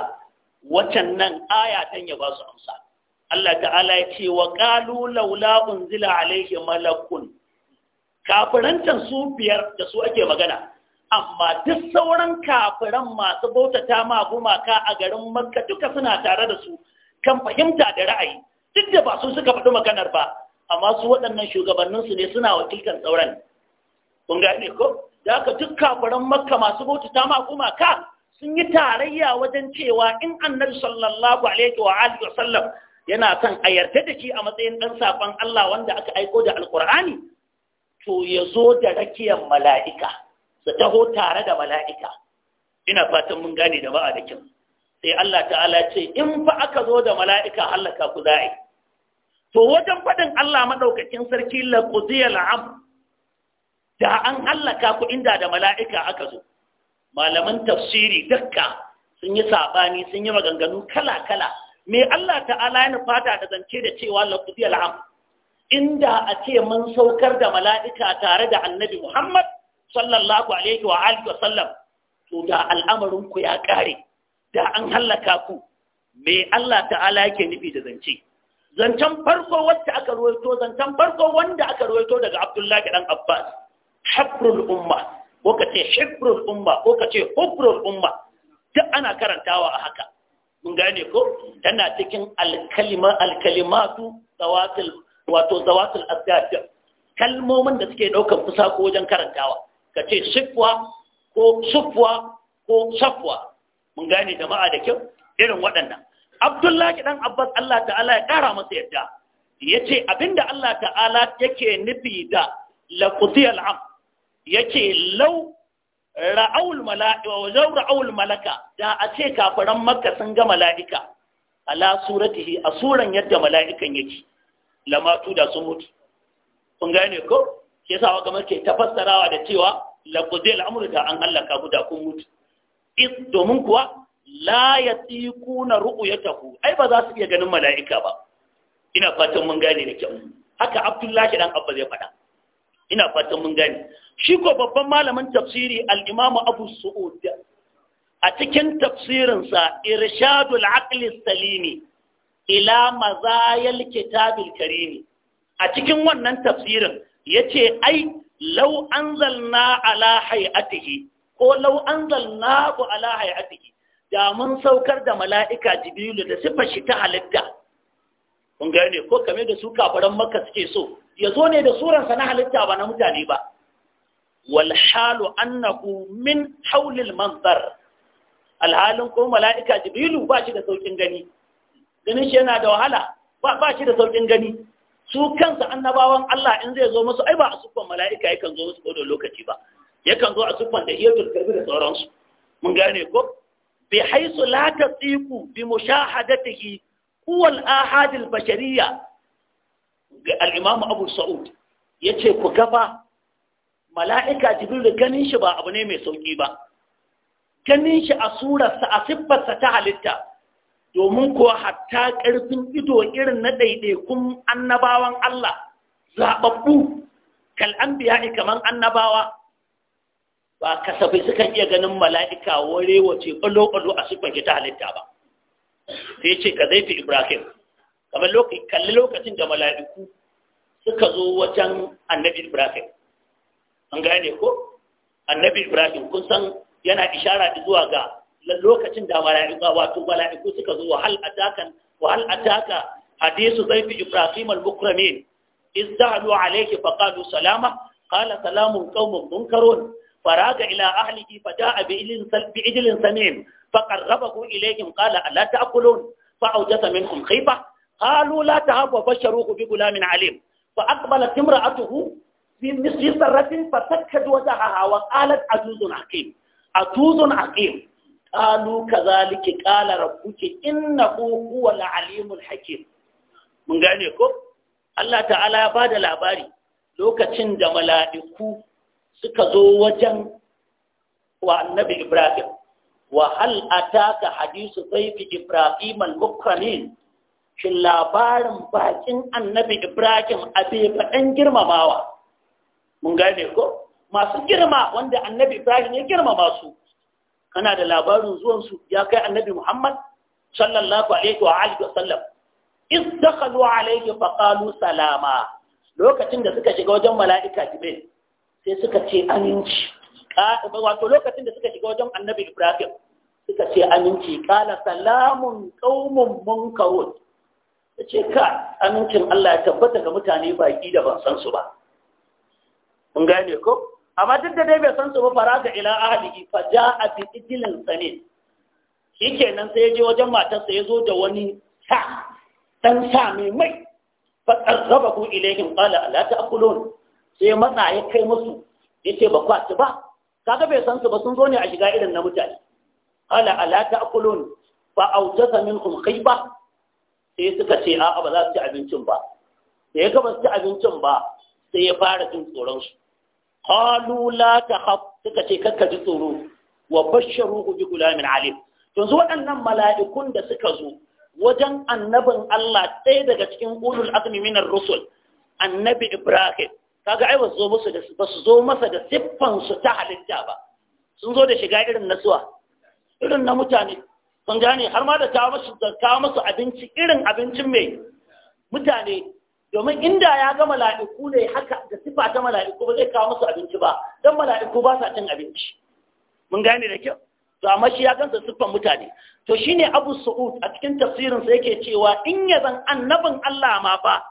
wacan nan ayatan ya ba su amsa Allah ta'ala ya ce wa qalu laula unzila alaihi malakun kafirantan su biyar da su ake magana amma duk sauran kafiran masu bautata ma gumaka a garin makka duka suna tare da su kan fahimta da ra'ayi duk da ba su suka faɗi maganar ba amma su waɗannan su ne suna wakiltar sauran kun gane ko da haka duk kafiran makka masu bautata ma gumaka sun yi tarayya wajen cewa in annabi sallallahu alaihi wa alihi wasallam yana son a yarda da shi a matsayin dan saƙon Allah wanda aka aiko da alƙur'ani to ya zo da rakiyar mala'ika su taho tare da mala'ika ina fatan mun gane da ba'a da kyau sai Allah ta'ala ce in fa aka zo da mala'ika hallaka ku za'i to wajen faɗin Allah maɗaukakin sarki la qudiya al'am da an hallaka ku inda da mala'ika aka zo malaman tafsiri dukka sun yi sabani sun yi maganganu kala kala me Allah ta'ala ya fata da zance da cewa la qudiya al'am inda a ce mun saukar da mala'ika tare da annabi Muhammad sallallahu alaihi wa alihi wa sallam to da al'amarin ku ya kare da an hallaka ku me Allah ta'ala yake nufi da zance zancen farko wacce aka ruwaito zancen farko wanda aka ruwaito daga Abdullahi dan Abbas habrul umma ko kace hibrul umma ko kace hubrul umma duk ana karantawa a haka mun gane ko tana cikin alkalima alkalimatu zawatul wato zawatul asdad kalmomin da suke daukar kusa ko wajen karantawa ka ce sifwa ko sufwa ko safwa mun gane jama'a da kyau irin waɗannan abdullahi dan abbas allah ta'ala ya ƙara masa yadda ya ce abinda allah ta'ala yake nufi da laƙuzi al'am ya wa lau ra'awul malaka da a ce kafiran makka sun ga mala'ika ala suratihi a suran yadda mala'ikan yake lamatu da sun mutu kun gane ko shi yasa waka muke ta fassarawa da cewa laqudil amru an halaka guda da kun mutu is domin kuwa la yatiquna ru'yatahu ai ba za su iya ganin mala'ika ba ina fatan mun gane da kyau haka abdullahi ɗan abba zai faɗa ina fatan mun gane shi ko babban malamin tafsiri al-imamu abu su'ud a cikin tafsirinsa irshadul aqli salimi ila mazayil kitabil karimi a cikin wannan tafsirin Ya ce ai an zalna ala hayatihi ko an zalna ku ala hayatihi da mun saukar da mala'ika jibilu da sifar shi ta halitta kun gane ko kame da su kafaran maka suke so ya zo ne da suransa na halitta ba na mutane ba walhalu annahu min haulil manzar alhalin ko mala'ika jibilu ba shi da saukin gani ganin shi yana da wahala ba shi da saukin gani su kansa annabawan Allah in zai zo musu ai ba a siffan mala'ika yakan zo musu kodon lokaci ba yakan zo a siffan da iya turkarbi da sauransu mun gane ko bi haisu la tasiku bi mushahadatihi huwa ahad al-bashariyya al-imam Abu Sa'ud yace ku gaba mala'ika jibril ganin shi ba abu ne mai sauki ba ganin shi a surarsa a siffarsa ta halitta domin ko hatta ƙarfin ido irin na ɗaiɗaikun annabawan Allah zaɓaɓɓu kal'ambiya kamar annabawa ba kasafi sukan iya ganin mala'ika ware wace ɓalo-ɓalo a siffar ta halitta ba sai ce ka zai fi ibrahim kamar kalli lokacin da mala'iku suka zo wajen annabi ibrahim an gane ko annabi ibrahim kun san yana ishara zuwa ga lokacin da mala'iku wato mala'iku suka zo hal atakan wa hal ataka hadisu zai fi ibrahim al-mukramin izdalu alayki faqalu salama qala salamun qaumun munkarun faraga ila ahlihi fadaa bi idlin salbi idlin samim faqarrabahu ilayhim qala ala ta'kulun fa'awjasa minhum khifa قالوا لا تهب وبشروه بغلام عليم فأقبلت امرأته في مثل سرة فسكت وجهها وقالت عجوز عقيم عجوز عقيم qalu kadhalika kala rabbuki hu huwal alimul hakim mun gane ko Allah ta'ala ya bada labari lokacin da mala'iku suka zo wajen wa annabi Ibrahim wa hal ataka hadisu sayfi Ibrahim al-mukramin shin labarin bakin annabi Ibrahim a faɗan girmamawa mun gane ko masu girma wanda annabi Ibrahim ya girmama su kana da labarin zuwansu ya kai annabi Muhammad sallallahu alaihi wa alihi wasallam iz dakhalu alayhi fa qalu salama lokacin da suka shiga wajen mala'ika Jibril sai suka ce aminci wato lokacin da suka shiga wajen annabi Ibrahim suka ce aminci qala salamun qaumun munkarun ce ka amincin Allah ya tabbata ga mutane baki da ban san su ba mun gane ko amma duk da dai bai san su ba ga ila ahlihi fa ja'a bi ijlin sanin shikenan sai ya je wajen matarsa ya zo da wani sa dan sa mai mai fa qarrabahu ilayhim qala la ta'kulun sai matsa ya kai musu yace ba kwa ci ba kaga bai san su ba sun zo ne a shiga irin na mutane qala la ta'kulun fa awjasa minkum khayba sai suka ce a'a ba za su ci abincin ba sai ya ba su ci abincin ba sai ya fara jin tsoron su qalu la takhaf suka ce kakka ji tsoro wa basharuhu bi gulamin alim yanzu waɗannan mala'ikun da suka zo wajen annabin Allah ɗaya daga cikin ulul azmi minar rusul annabi Ibrahim kaga ai basu zo musu da zo masa da siffan su ta halitta ba sun zo da shiga irin na irin na mutane sun gane har ma da ta musu da abinci irin abincin mai mutane domin inda ya ga mala'iku ne haka da sifa ta mala'iku ba zai kawo musu abinci ba don mala'iku ba sa cin abinci mun gane da kyau to amma shi ya gansa siffan mutane to shine Abu Su'ud a cikin tafsirinsa yake cewa in ya zan annabin Allah ma ba,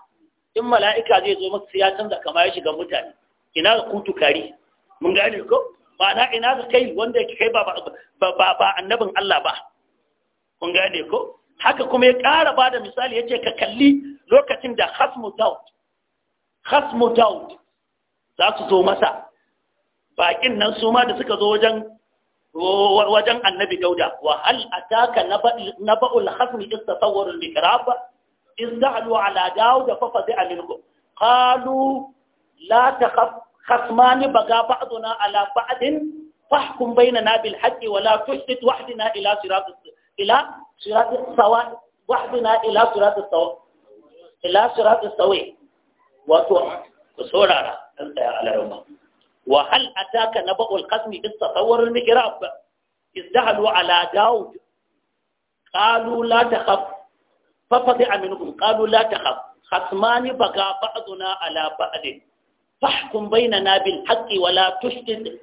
in mala'ika zai zo masu ya canza kamar ya shiga mutane ina ga kutu kari mun gane ko ma'ana ina ga kai wanda yake kai ba ba annabin Allah ba mun gane ko haka kuma ya ƙara ba da misali ya ce ka kalli lokacin da hasmu daud hasmu za su zo masa baƙin nan su ma da suka zo wajen wajen annabi dauda wa hal ataka naba'ul hasmi is mikrab is da'alu ala daud fa fazi'a minhum qalu la takhaf khasmani baga ba'duna ala ba'din fahkum bainana bil haqqi wa la tushit wahdina ila siratis إلى صراط الصواب وحدنا إلى صراط السواء إلى صراط السواء وتوع سورارا أنت على يوم وهل أتاك نبأ القسم إذ تصور المكراب إذ دخلوا على داود قالوا لا تخف ففضع منهم قالوا لا تخف خصمان بقى بعضنا على بعض فاحكم بيننا بالحق ولا تشتت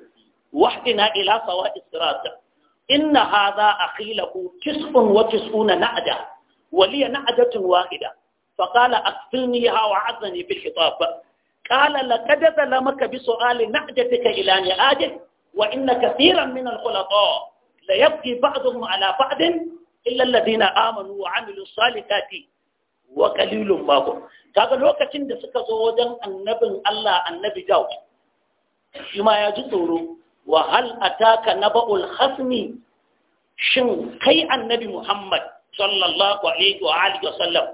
وحدنا إلى صواب الصراط inna hadha akhilahu tis'un wa tis'una na'da wa li na'datun wahida fa qala aqtilniha wa 'azani bil khitab qala laqad zalamaka bi su'ali na'datika ila ni'adik wa inna kathiran min al khulata la yabqi ba'dhum ala ba'd illa alladhina amanu wa 'amilu salihati wa qalilun ma hum kaga lokacin da suka zo wajen annabin Allah annabi Dawud shi ma ya ji tsoro wa hal ataka naba'ul khasmi shin kai annabi Muhammad sallallahu alaihi wa alihi wa sallam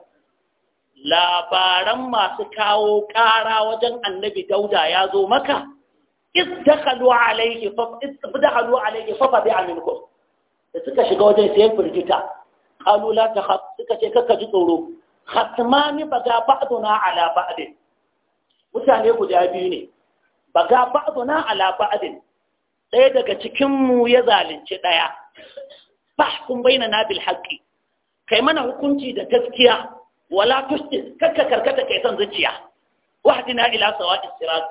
labaran masu kawo ƙara wajen annabi dauda ya zo maka izdakalu alaihi fa izdakalu alaihi fa bi aminkum da suka shiga wajen sayan firgita qalu la takhaf suka ce kakka ji tsoro khatmani baga ba'duna ala ba'din mutane guda biyu ne baga ba'duna ala ba'din ɗaya daga cikinmu ya zalunci ɗaya fahkum baina na bil haqqi kai mana hukunci da gaskiya wala tustis kakka karkata kai son zuciya wahdina ila sawa'is sirat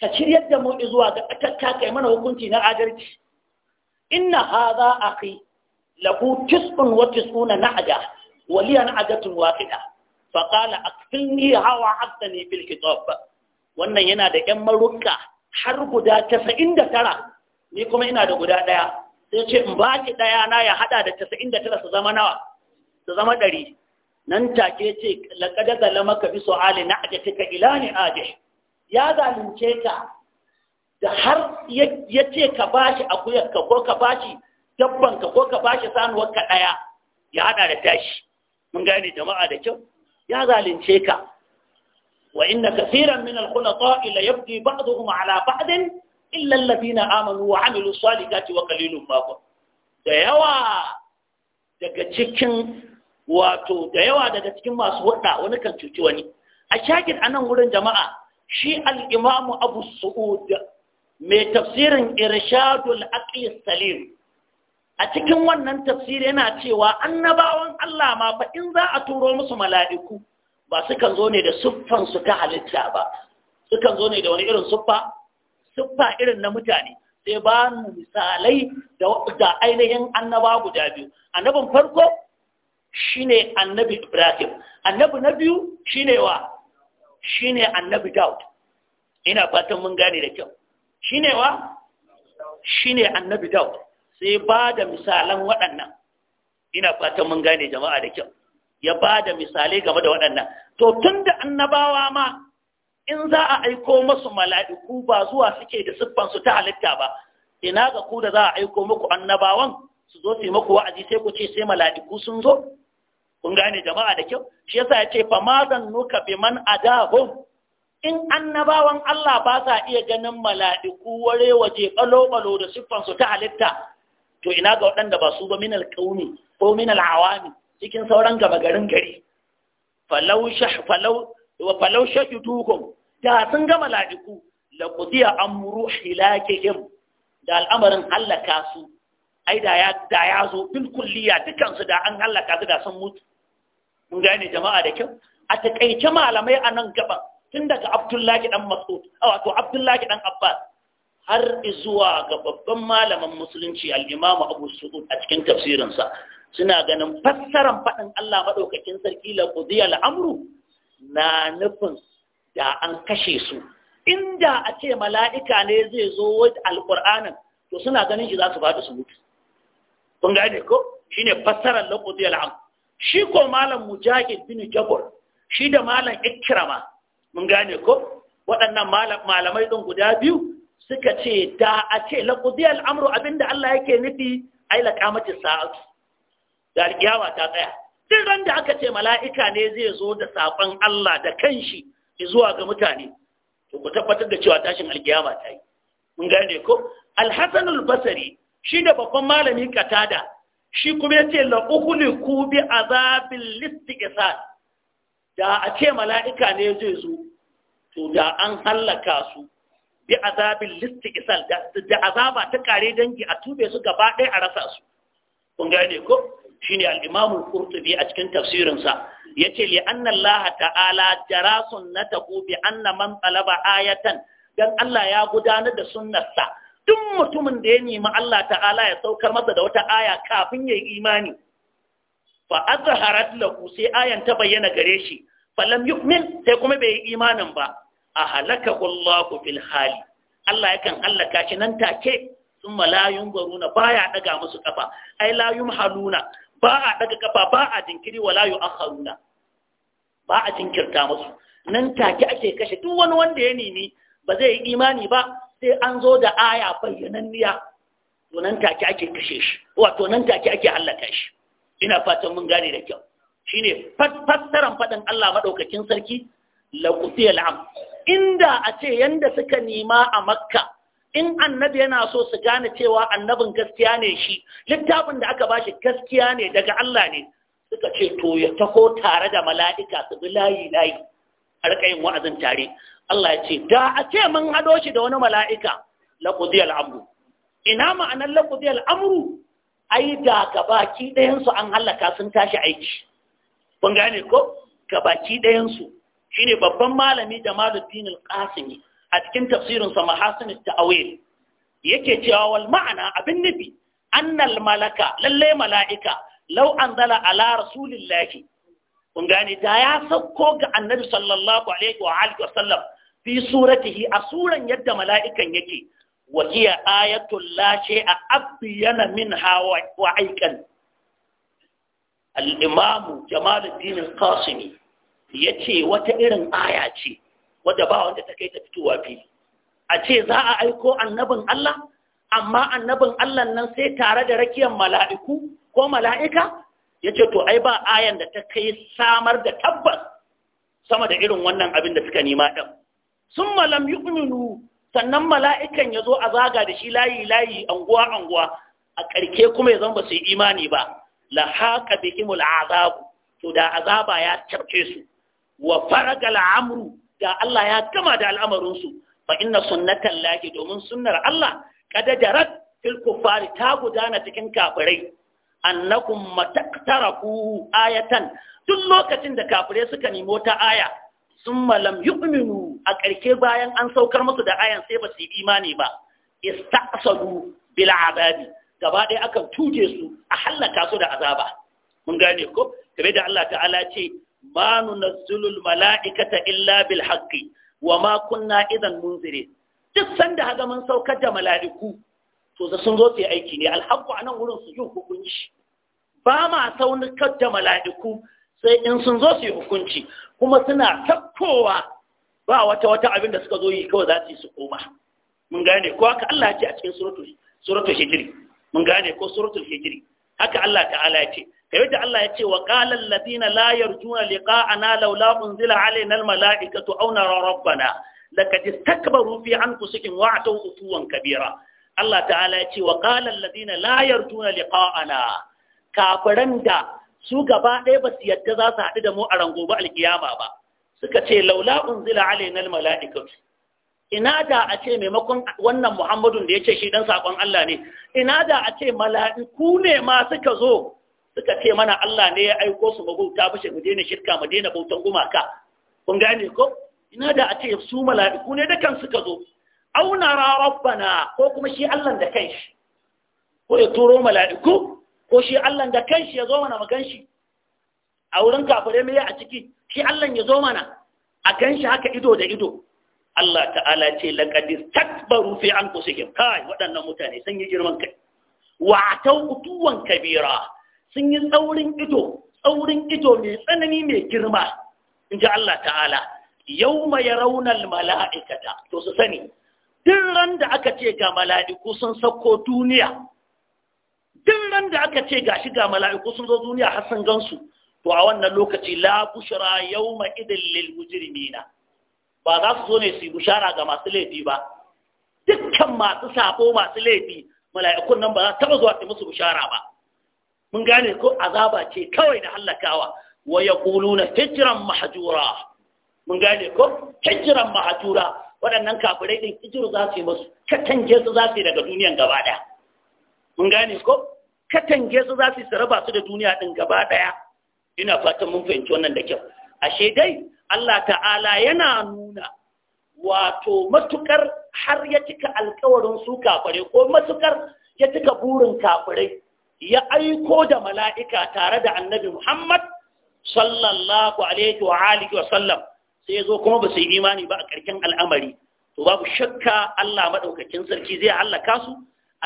ka shiryar da mu zuwa ga kai mana hukunci na adalci inna hadha akhi lahu tis'un wa tis'una na'da wa li na'datun waqida fa qala aqtilni hawa aqtani bil kitab wannan yana da yan maruka har guda 99 ni kuma ina da guda ɗaya sai ce in ba ki ɗaya na ya haɗa da casa'in da tara su zama nawa su zama ɗari nan take ce laƙada zalama ka bi ali na aje ka ila aje ya zalunce ka da har ya ce ka bashi akuyar ka ko ka bashi dabban ka ko ka bashi sanuwar ka ɗaya ya haɗa da tashi mun gane jama'a da kyau ya zalunce ka wa inna kaseeran min al-khulata ila yabdi ba'dhum ala ba'din illa na amanu wa amilu salihati wa qalilum ma hum da daga cikin wato da yawa daga cikin masu hudda wani kan cuci wani a shakir a nan wurin jama'a shi Al-Imamu abu su'ud mai tafsirin irshadul aqli salim a cikin wannan tafsiri yana cewa annabawan Allah ma fa in za a turo musu mala'iku ba kan zo ne da su ta halitta ba sukan zo ne da wani irin siffa siffa irin na mutane sai ba mu misalai da ainihin annaba guda biyu annabin farko shine annabi Ibrahim annabi na biyu shine wa shine annabi Daud ina fatan mun gane da kyau shine wa shine annabi Daud sai ba da misalan waɗannan ina fatan mun gane jama'a da kyau ya ba da misalai game da waɗannan to tun da annabawa ma in za a aiko masu mala'iku ba zuwa suke da siffansu ta halitta ba ina ga ku da za a aiko muku annabawan su zo su yi muku wa'azi sai ku ce sai mala'iku sun zo kun gane jama'a da kyau shi yasa ya ce fama zan nuka bi man in annabawan Allah ba sa iya ganin mala'iku ware waje ɓalo-ɓalo da siffansu ta halitta, to ina ga waɗanda ba su ba min ƙauni ko minal awami cikin sauran gaba garin gari. Falau shahidukum da sun ga mala'iku la qudiya amru hilakihim da al'amarin halaka su ai da ya zo bil kulliya dukan da an halaka su da sun mutu mun gane jama'a da kyau a taƙaice malamai a nan gaba tun daga Abdullahi dan Mas'ud wato Abdullahi dan Abbas har zuwa ga babban malamin musulunci al-Imam Abu Su'ud a cikin tafsirinsa suna ganin fassaran faɗin Allah madaukakin sarki la qudiya al-amru na nufin da an kashe su inda a ce mala'ika ne zai zo alƙur'anin to suna ganin shi za su faɗi su mutu kun gane ko shine fassarar laqutu al'am shi ko malam mujahid bin jabur shi da malam ikrama mun gane ko waɗannan malamai ɗin guda biyu suka ce da a ce laqutu al'amru abinda Allah yake nufi ai laqamati sa'at da alƙiyawa ta tsaya duk ran da aka ce mala'ika ne zai zo da saƙon Allah da kanshi zuwa ga mutane to ku tabbatar da cewa tashin alkiyama ta yi mun gane ko alhassan albasari shi da babban malami katada shi kuma ya ce la'ukuli ku bi azabin listi da a ce mala'ika ne zai zo to da an hallaka su bi azabin listi da azaba ta kare dangi a tube su gaba ɗaya a rasa su kun gane ko shine al-Imam al-Qurtubi a cikin tafsirin sa yace li anna Allah ta'ala jara sunnatahu bi anna man talaba ayatan dan Allah ya gudanar da sunnarsa duk mutumin da ya nemi Allah ta'ala ya saukar masa da wata aya kafin ya yi imani fa azharat lahu sai ayan ta bayyana gare shi falam yu'min sai kuma bai yi imanin ba a halaka wallahu fil hali Allah yakan hallaka shi nan take sun la ba baya daga musu kafa ai layun haluna ba a daga kafa ba a jinkiri wala yu'akhiruna ba a jinkirta musu nan take ake kashe duk wani wanda ya nemi ba zai yi imani ba sai an zo da aya bayyananniya to nan take ake kashe shi wato nan take ake hallaka shi ina fatan mun gane da kyau shine fassaran faɗin Allah madaukakin sarki la am inda a ce yanda suka nima a makka in annabi yana so su gane cewa annabin gaskiya ne shi littafin da aka bashi gaskiya ne daga Allah ne suka ce to ya tako tare da mala'ika su bi layi layi a rika yin wa'azin tare Allah ya ce da a ce mun hado shi da wani mala'ika laqudi al-amru ina ma'anar laqudi al-amru ai da baki ɗayan su an halaka sun tashi aiki kun gane ko baki ɗayan su shine babban malami da al-Qasimi a cikin tafsirin sa mahasin ta'awil yake cewa wal ma'ana abin nufi annal malaka lalle mala'ika law anzala ala rasulillahi kun gane da ya sauko ga annabi sallallahu alaihi wa alihi wasallam fi suratihi a suran yadda mala'ikan yake wa hiya ayatul la shay'a abyana minha wa aikan al-imam jamaluddin al-qasimi yace wata irin aya ce wadda ba wanda ta kai ta fitowa fili a ce za a aiko annabin Allah amma annabin Allah nan sai tare da rakiyar mala'iku ko mala'ika ya ce to ai ba ayan da ta kai samar da tabbas sama da irin wannan abin da suka nema ɗan sun malam yi sannan mala'ikan ya zo a zaga da shi layi layi anguwa anguwa a ƙarke kuma ya zan ba su yi imani ba la haka to da azaba ya carce su wa faraga da Allah ya gama da al'amarinsu fa inna sunnatan lahi domin sunnar Allah kada jarat fil ta gudana cikin kafirai annakum mataktaraku ayatan duk lokacin da kafirai suka nemo ta aya sun malam yu'minu a ƙarke bayan an saukar musu da ayan sai ba su yi imani ba istasadu bil azabi gaba ɗaya akan tuje su a hallaka su da azaba mun gane ko game da Allah ta'ala ce ma nunazzilul mala'ikata illa bil haqqi wa ma kunna idan munzirin duk sanda haga mun saukar da mala'iku to da sun zo su yi aiki ne alhaqqu anan wurin su yi hukunci ba ma saukar da mala'iku sai in sun zo su yi hukunci kuma suna tafkowa ba wata wata abin da suka zo yi kawai za su yi su koma mun gane ko haka Allah ya ce a cikin suratul suratul hijri mun gane ko suratul hijri haka Allah ta'ala ya ce kai da Allah ya ce wa qala alladhina la na liqa'ana laula unzila alaina almala'ikatu aw nara rabbana laqad istakbaru fi anfusikum wa atu utuwan kabira Allah ta'ala ya ce wa qala alladhina la yarjuna liqa'ana kafiran da su gaba ɗaya ba su yadda za su haɗu da mu a rango ba alkiyama ba suka ce laula unzila alaina almala'ikatu ina da a ce maimakon wannan muhammadun da ya ce shi dan sakon Allah ne ina da a ce mala'iku ne ma suka zo suka ce mana Allah ne ya aiko su mabuta bashi mu daina shirka mu daina bautan gumaka kun gane ko ina da a ce su mala'iku ne da kan suka zo aw nara rabbana ko kuma shi Allah da kanshi ko ya turo mala'iku ko shi Allah da kanshi ya zo mana magan shi a wurin kafare mai a ciki shi Allah ya zo mana a shi haka ido da ido Allah ta'ala ce laqadis takbaru fi anfusihim kai waɗannan mutane sun yi girman kai wa tawtuwan kabira sun yi tsaurin ido tsaurin ido mai tsanani mai girma inji Allah ta'ala yawma yarawna mala'ikata? to su sani duk ran da aka ce ga mala'iku sun sako duniya duk ran da aka ce gashi ga mala'iku sun zo duniya har sun gansu to a wannan lokaci la bushra yawma idil lil mujrimina ba za su zo ne su yi bushara ga masu laifi ba dukkan masu sabo masu laifi mala'ikun nan ba za taɓa zuwa su musu bushara ba mun gane ko azaba ce kawai da hallakawa wa yaquluna hijran mahjura mun gane ko hijran mahjura waɗannan kafirai din hijiru za su yi musu katange su za su yi daga duniyan gaba ɗaya mun gane ko katange su za su raba su da duniya din gaba ɗaya ina fatan mun fahimci wannan da kyau ashe dai Allah ta'ala yana nuna wato matukar har ya cika alkawarin su kafirai ko matukar ya cika burin kafirai ya aiko da mala'ika tare da annabi Muhammad sallallahu alaihi wa alihi wa sallam sai ya zo kuma ba su yi imani ba a ƙarshen al'amari to babu shakka Allah maɗaukakin sarki zai hallaka su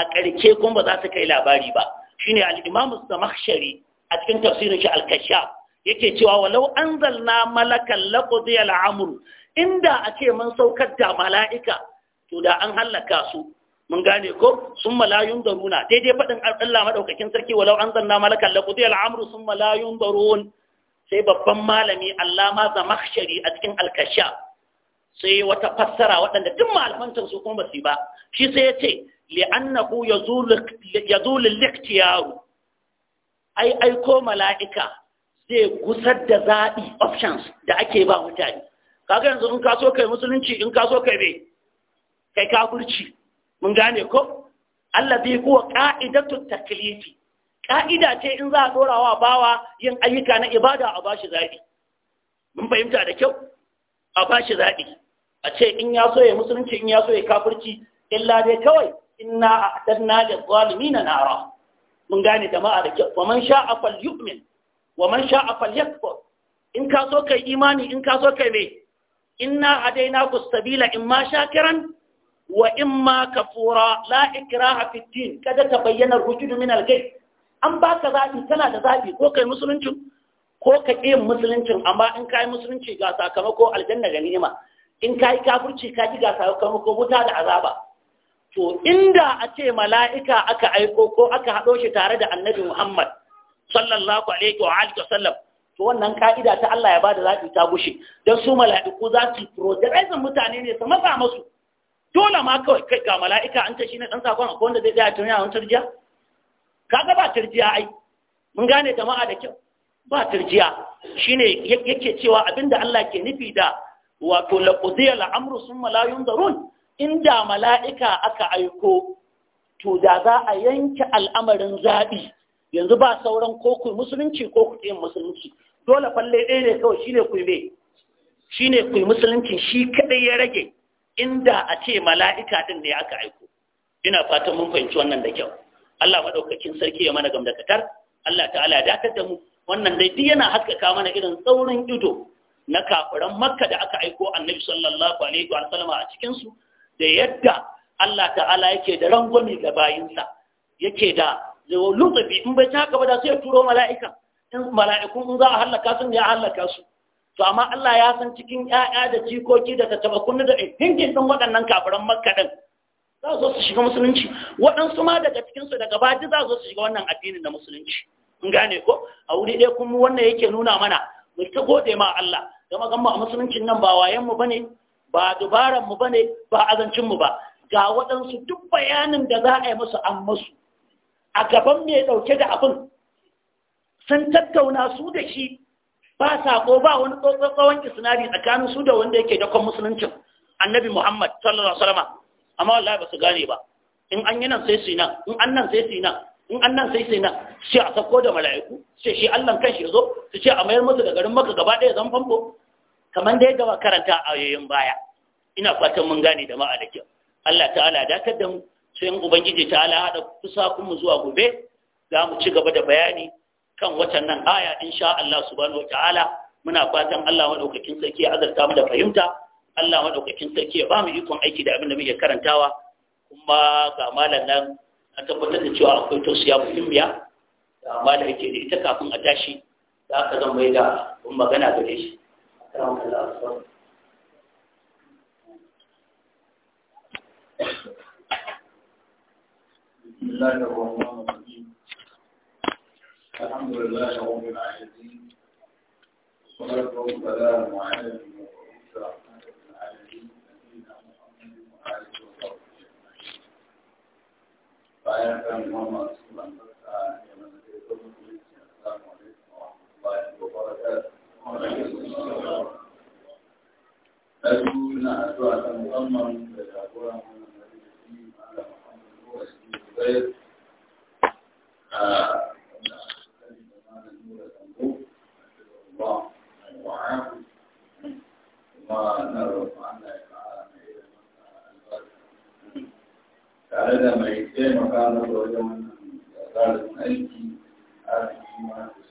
a ƙarke kuma ba za su kai labari ba shine al da Makshari a cikin tafsirin shi al-Kashaf yake cewa walau anzalna malakan laqdi al'amr inda a ake mun saukar da mala'ika to da an halaka su mun gane ko sun malayun da daruna daidai faɗin Allah maɗaukakin sarki walau anzalna malakan laqdi al'amr sun malayun da darun sai babban malami Allah Allama Zamakhshari a cikin alkasha. sai wata fassara waɗanda duk malamantar su kuma basu ba shi sai ya ce li'annahu yazulu yazulu al-ikhtiyaru ai aiko mala'ika zai gusar da zaɓi options da ake ba mutane kaga yanzu in ka so kai musulunci in ka so kai mai kai kafirci mun gane ko Allah zai kuwa ka'idatu taklifi ka'ida ce in za a dora wa bawa yin ayyuka na ibada a bashi zaɓi mun fahimta da kyau a bashi zaɓi a ce in ya so ya musulunci in ya so ya kafirci illa dai kawai inna da lil na nara mun gane jama'a da kyau wa man sha'a falyu'min wa man sha'a falyakfur in ka so kai imani in ka so kai me inna hadaina ku in ma shakiran wa in ma kafura la ikraha fi din kada ta bayyana rujudu min al-gay an baka zabi kana da zabi ko kai musulunci ko ka ƙi musuluncin amma in yi musulunci ga sakamako aljanna ga ni'ima in yi kafirci ka ji ga sakamako wuta da azaba to inda a ce mala'ika aka aiko ko aka haɗo shi tare da annabi Muhammad sallallahu alaihi wa alihi wasallam to wannan ka'ida ta Allah ya bada zaɓi ta gushe don su mala'iku za su projectin mutane ne su matsa musu dole ma kawai kai ga mala'ika an ta shi ne ɗan sakon akwai wanda zai daya tun yawon turjiya ka ga ba turjiya ai mun gane jama'a da kyau ba turjiya shine yake cewa abinda Allah ke nufi da wato laqudiya al'amru summa la yunzarun inda mala'ika aka aiko to da za a yanke al'amarin zaɓi yanzu ba sauran ko ku musulunci ko ku yin musulunci dole falle ɗaya ne kawai shine ku me shine ku musulunci shi kadai ya rage inda a ce mala'ika din ne aka aiko ina fatan mun fahimci wannan da kyau Allah madaukakin sarki ya mana gamdakatar Allah ta'ala ya dakatar da mu wannan dai duk yana haskaka mana irin tsaurin ido na kafiran makka da aka aiko annabi sallallahu alaihi wa sallam a cikin su da yadda Allah ta'ala yake da rangwami ga bayinsa yake da lutsafi in bai ci haka ba da sai ya turo mala'ika in mala'ikun in za a halaka sun ya halaka su to amma Allah ya san cikin 'ya'ya da cikoki da tattabakunni da hinkin din waɗannan kafiran makka din za su su shiga musulunci waɗansu ma daga cikinsu su daga baji za su shiga wannan addinin da musulunci in gane ko a wuri ɗaya kuma wannan yake nuna mana mu ta gode ma Allah da magamma a musuluncin nan ba wayen mu bane ba dubaran mu bane ba azancin mu ba ga waɗansu duk bayanin da za a yi musu an musu a gaban mai ɗauke da abin sun tattauna su da shi ba saƙo ba wani tsawon isnadi tsakanin su da wanda yake dakon musuluncin annabi muhammad sallallahu alaihi wasallam amma wallahi ba su gane ba in an yi nan sai su nan in an nan sai su nan in an nan sai sai nan sai a sako da mala'iku sai shi allon kan shi zo su ce a mayar musu da garin maka gaba ɗaya zan famfo kamar da ya gaba karanta a yoyin baya ina fatan mun gane da ma'a da kyau Allah ta'ala dakatar da mu sai in ubangiji ta ala hada kusa kunmu zuwa gobe za mu ci gaba da bayani kan watan nan aya insha Allah subhanahu ta'ala. muna fatan Allah madaukakin sarki ya azarta mu da fahimta Allah madaukakin sarki ya ba mu ikon aiki da abin da muke karantawa kuma ga malam nan a tabbatar da cewa akwai tausiya muhimmiya da malam yake da ita kafin a tashi Za ka zan mai da magana gare shi Thank you. بسم الله الرحمن الرحيم الحمد لله رب العالمين والصلاة والسلام على المبعوث رحمة العالمين نبينا محمد وصحبه أجمعين صلى الله عليه وسلم السلام عليكم ورحمة الله وبركاته أرجو أن أدعو أن أؤمن tare da mai taimaka na wajen da zalibin aiki a cikin masu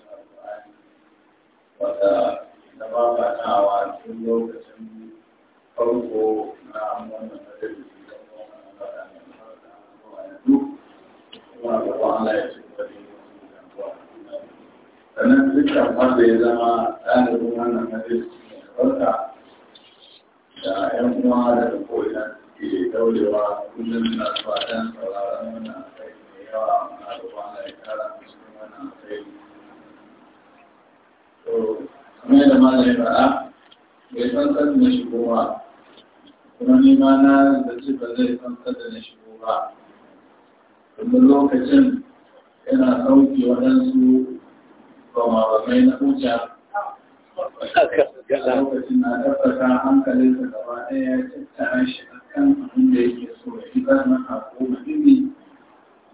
amma na rinda ba zai fantar da na shigo ba Duk lokacin yana ɗauke waɗansu bamabamai na huta lokacin na tabbata hankalinsa gaba ɗaya ya tattara shi a kan abin da yake so ya yi ba na haƙo muhimmi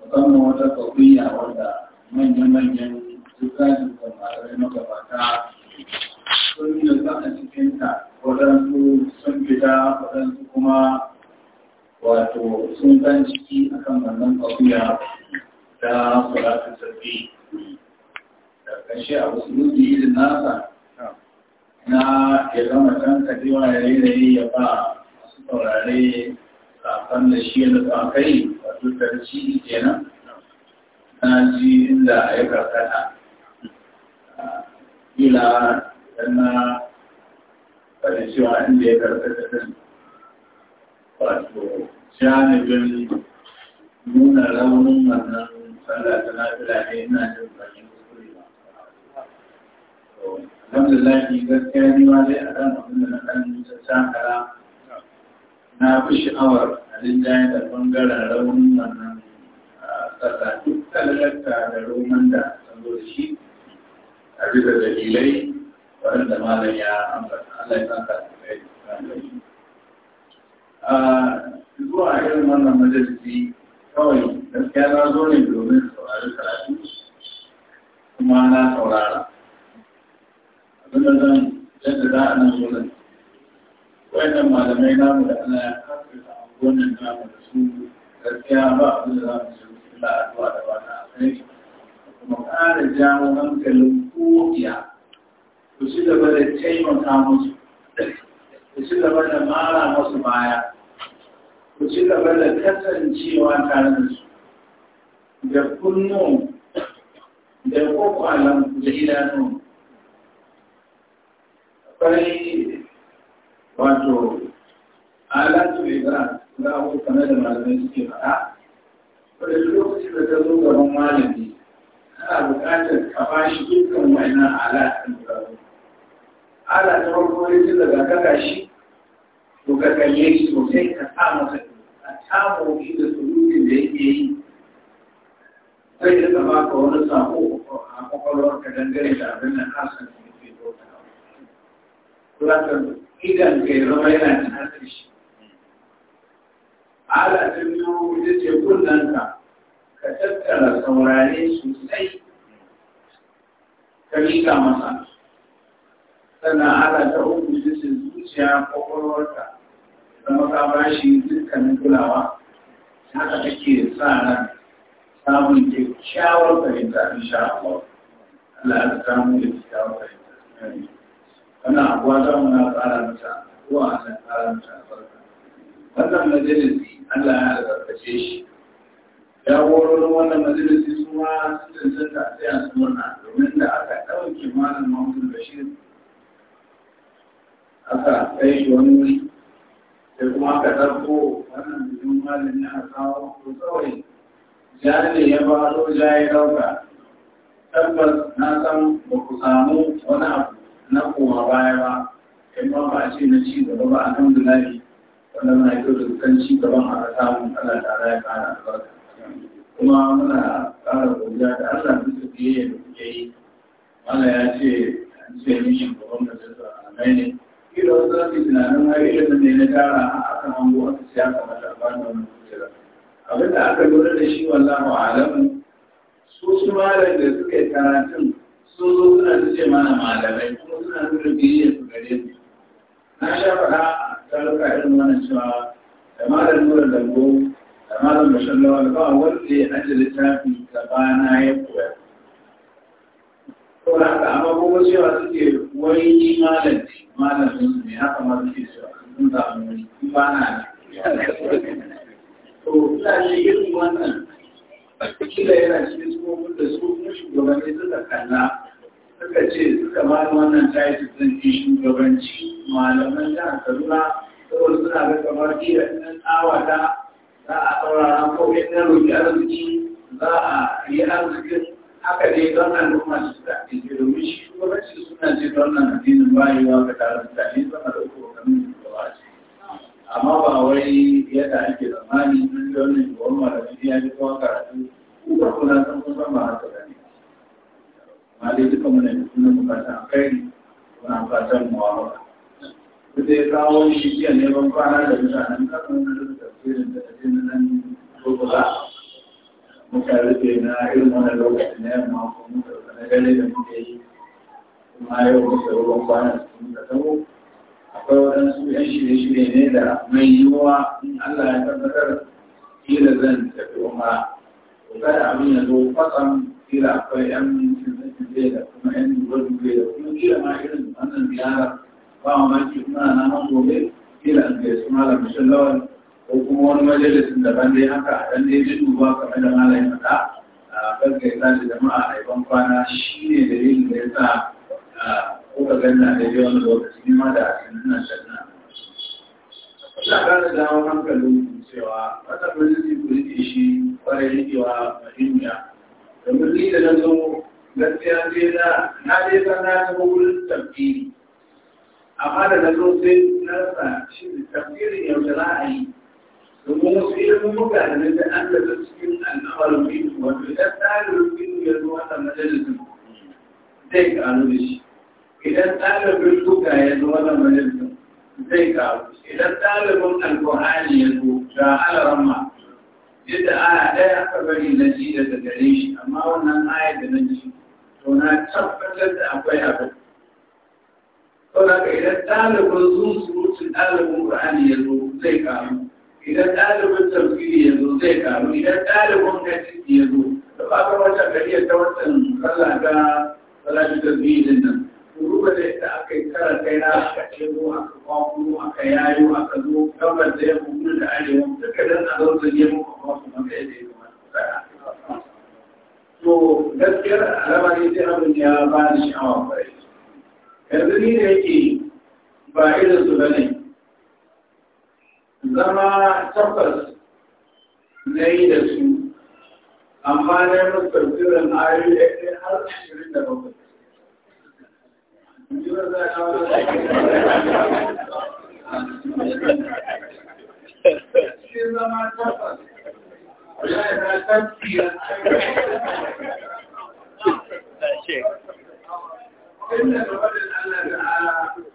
musamman wata ƙauriya wanda manya-manyan dukkanin bamabamai magabata sun yi da a cikinta waɗansu sun fita waɗansu kuma wato sun ɗan ciki a kan wannan ƙafiya ta salatun sarfi da ƙashe a wasu nufi irin nasa na ya zama can kadewa ya yi ya ba masu taurare kafin da shi yadda ta kai wato tarci kenan na ji inda ya karkata ila na kada cewa inda ya karkata din wato janibin nuna raunin wannan sallah ta nafila ne ina jin bakin kuskure ba. Alhamdulillah gaskiya ni ma dai a kan abin da na ɗan sakara na fi sha'awar halin jaye da ɓangaren raunin wannan sallah duk talaka da roman da sabo da shi a bisa dalilai waɗanda malam ya ambata Allah ya saka da kai a ah, zuwa irin wannan majalisi kawai gaskiya na zo ne domin saurari karatu kuma na saurara abin da zan yadda za a nan wurin wayannan malamai namu da Allah ya kafa da wannan namu da su gaskiya ba abin da za mu yi illa addu'a da ba na kai? kuma ƙara jawo hankalin ko iya ku ci gaba da taimaka musu ku ci gaba da mara musu baya ku ci gaba da kasancewa tare da su da kunnu da kwakwalan da idanu akwai wato alatu ibra za a na da malamai suke faɗa wadda lokacin da ta zo gaban malami ana buƙatar ka bashi dukkan wa'annan alatun da ala ta farko ya tun daga kaka shi to ka kalle shi sosai ka sa masa a tamo shi da sulutun da yake yi sai da ta ka wani sako a kwakwalwar ka dangane da abin da hasan da ke bauta kulatar idan ka yi zama yana cin hasar shi ala ta biyu ita ce kunnanka ka tattara saurare sosai ka miƙa masa tana ana ta uku jisun zuciya kwakwalwarka da maka ba shi dukkanin kulawa haka take sa ran samun kyakkyawar fahimta in sha Allah Allah ya samu da kyakkyawar fahimta wannan abuwa za mu na tsara ta, ko a san tsara mata barka wannan majalisi Allah ya albarkace shi Ya jagororin wannan majalisi su ma sun tantanta sai a suna domin da aka ɗauke malam Mahmud Bashir aka kai shi wani sai kuma aka ɗauko wannan bikin malin na a kawo ko kawai ja ne ya ba so ja ya ɗauka tabbas na san ba ku samu wani abu na koma baya ba in ba ba ce na ci gaba ba a kan bilali wanda muna kyau da kan ci gaban a samun Allah tare ya kara albarka kuma muna ƙara godiya da Allah bisa biyayya da kuke yi Allah ya ce an ce mishin gaban majalisar alamai ne kila wasu za su yi tunanin har ne na tara a aka hango aka siya kamar labarin wannan kujera abin da aka lura da shi wallahu alamu su su malam da suka yi karatun sun zo suna ta ce mana malamai kuma suna nuna biyayyar su gare su na sha faɗa taruka irin wannan cewa da malam nura lambo da malam bashallawa da ba wanda ya ajiye littafi gabana ya koya saboda haka amma ko cewa suke wani ni malam malamin ne haka ma suke cewa sun samu wani ba na to ina ne irin wannan kila yana cikin tsohon da su kuma shugabanni suka kalla suka ce suka ba wannan taiti zan ci shugabanci malaman jihar kaduna saboda suna ga kamar kila ɗan tsawata za a saurara ko ɗan roƙi arziki za a yi arzikin haka dai don al'umma su da, ɗinke domin shi gwamnati suna ce don nan addinin bayuwa ga taron mutane zama da kuma ga mun ce amma ba wai yadda ake zamani sun yi wani da wani ya ji kowa karatu kuma kuna san kun ba haka ba ne amma dai duka muna da suna bukatan alkhairi muna fatan muwafaka ku dai kawo shi iya neman kwana da mutanen kan wani da tafsirin da ta nan muka rufe na irin wannan lokaci na yamma ko muka rufe na dare da muke yi kuma yau muka ruwan kwanan su muka tabo akwai waɗansu yan shirye-shirye ne da mai yiwuwa in Allah ya tabbatar kila zan tafi umara to kada abin ya zo kwatsam kila akwai yan cince zai da kuma yan dubu zai da kuma kila ma irin wannan ziyara ba mamaki kuma na nan gobe kila an gaisu malam Bashir Lawal ko kuma wani majalisin da ban dai haka a dan dai ba kamar da malai faɗa a gaggaita da jama'a a yaban kwana shi ne da yin da ya sa kuka ganna da yi wani lokaci ma da a cikin nan shanna. Ina ƙara jawo hankalin cewa wata majalisi ku riƙe shi kwarai riƙewa muhimmiya. Domin ni da na zo gaskiya ce na na dai san na taɓa wurin tafiri. Amma da na zo sai na rasa shi tafsirin yaushe za a yi وموصيلهم مكان لذا أنت تسكن الأمر منه وإذا تعلم منه يدوى مجلس زي قانونش إذا تعلم بالكوكا يدوى مجلس زي قانونش إذا تعلم القرآن يدوى على رمى جد آية لا يعتبر نتيجة تعيش أما وأن آية نتيجة هناك تفتت أبوها فلك إذا تعلم الزوز روت الألم القرآن يدوى زي قانونش idan ɗalibin tafsiri ya zo zai karu idan ɗalibin hadisi ya zo da ba ka wata gari ta wancan sallah ta salatu zuwa nan ruba da yadda aka yi kara kai na aka cebo aka kwakwuro aka yayo aka zo gabar da yamma kudu da arewa duka dan a zo zage muku kwakwuro maka yadda ya zama to gaskiyar ne sai abin ya ba ni sha'awa kwarai yanzu ni da yake ba irin su ba ne. zama takwas na yi da su amma na yi mutafsirin ayoyi da ke har ashirin da bakwai. zama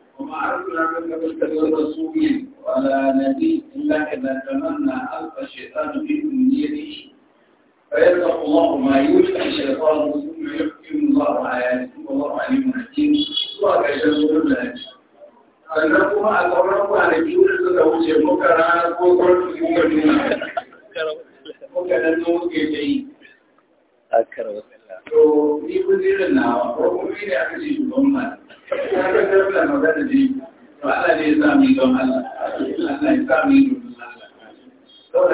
Akarwa. To, ni kun zira na wa, ko kuma ne aka ce shugaban mata. ya ka tarbiya magana ne to Allah ne ya sa mu don Allah Allah ya sa mu don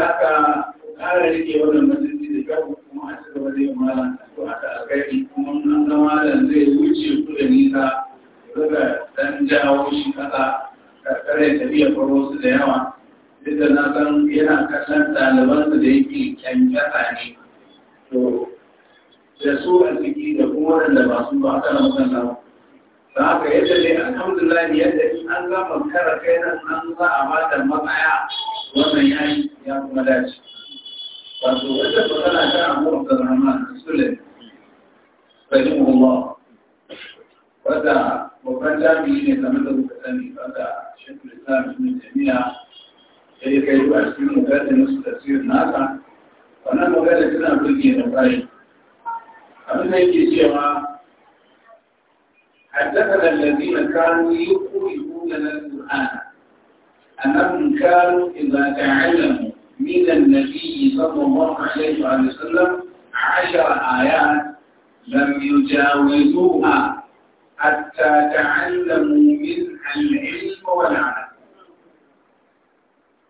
Allah haka da kyau kuma a malam kuma malam zai wuce nisa daga jawo shi tafiya da yawa duk yana kallon ɗalibansa da yake kyankyasa ne da su a ciki da kuma waɗanda ba su ba don haka yadda dai alhamdulillah yadda in an gama kara kai nan an za a ba da matsaya wannan ya ya kuma dace wato wata magana ta Abu Abdurrahman Sulaim ba. wanda babban jami'i ne kamar da kuka sani wanda shekul Islam ne jami'a ya yi kai ba shi cikin mugadda na su siyar nasa wannan magana suna burge da kwarai abin da yake cewa حدثنا الذين كانوا يخرجون القرآن أنهم كانوا إذا تعلموا من النبي صلى الله عليه وسلم عشر آيات لم يجاوزوها حتى تعلموا منها العلم والعمل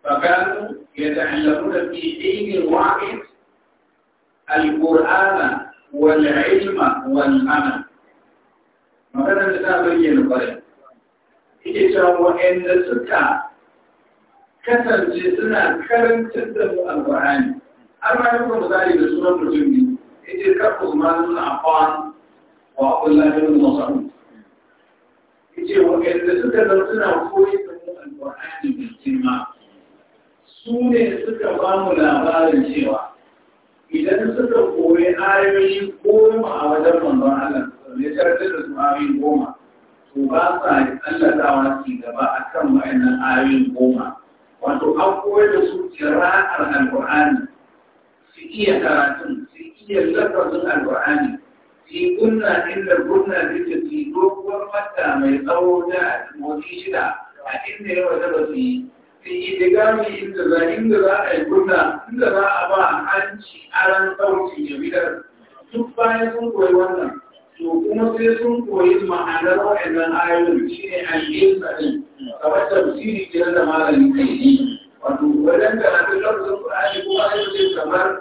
فكانوا يتعلمون في حين واحد القرآن والعلم والعمل maganar da ta bayyana kwarai ike cewa waɗanda suka kasance suna karantar da mu alƙur'ani an ma yi kuma misali da sunan mutum ne ita karfa usman ibn affan wa abdullah ibn mas'ud ita waɗanda suka zama suna koyi da mu alƙur'ani da girma su ne suka ba mu labarin cewa idan suka koyi ayoyi ko ma a wajen manzon Allah ya karantar da su ayoyin goma to ba sa tsallatawa ci gaba a kan wa'annan ayoyin goma wato an koyar da su kira'ar alƙur'ani su iya karatun su iya lafazin alƙur'ani su yi kunna inda kunna duka su yi doguwar mata mai tsawo da motsi shida a inda yawa da ba su yi su yi digami inda za inda za a yi kunna inda za a ba hanci aran sauti ya bidar duk bayan sun koyi wannan to kuma sai sun koyi ma'anar waɗannan ayoyin shi ne alƙinsa ɗin kamar tafsiri ke da malami kai ne wato wajen karatun lafazin Qur'ani kuma ai ce kamar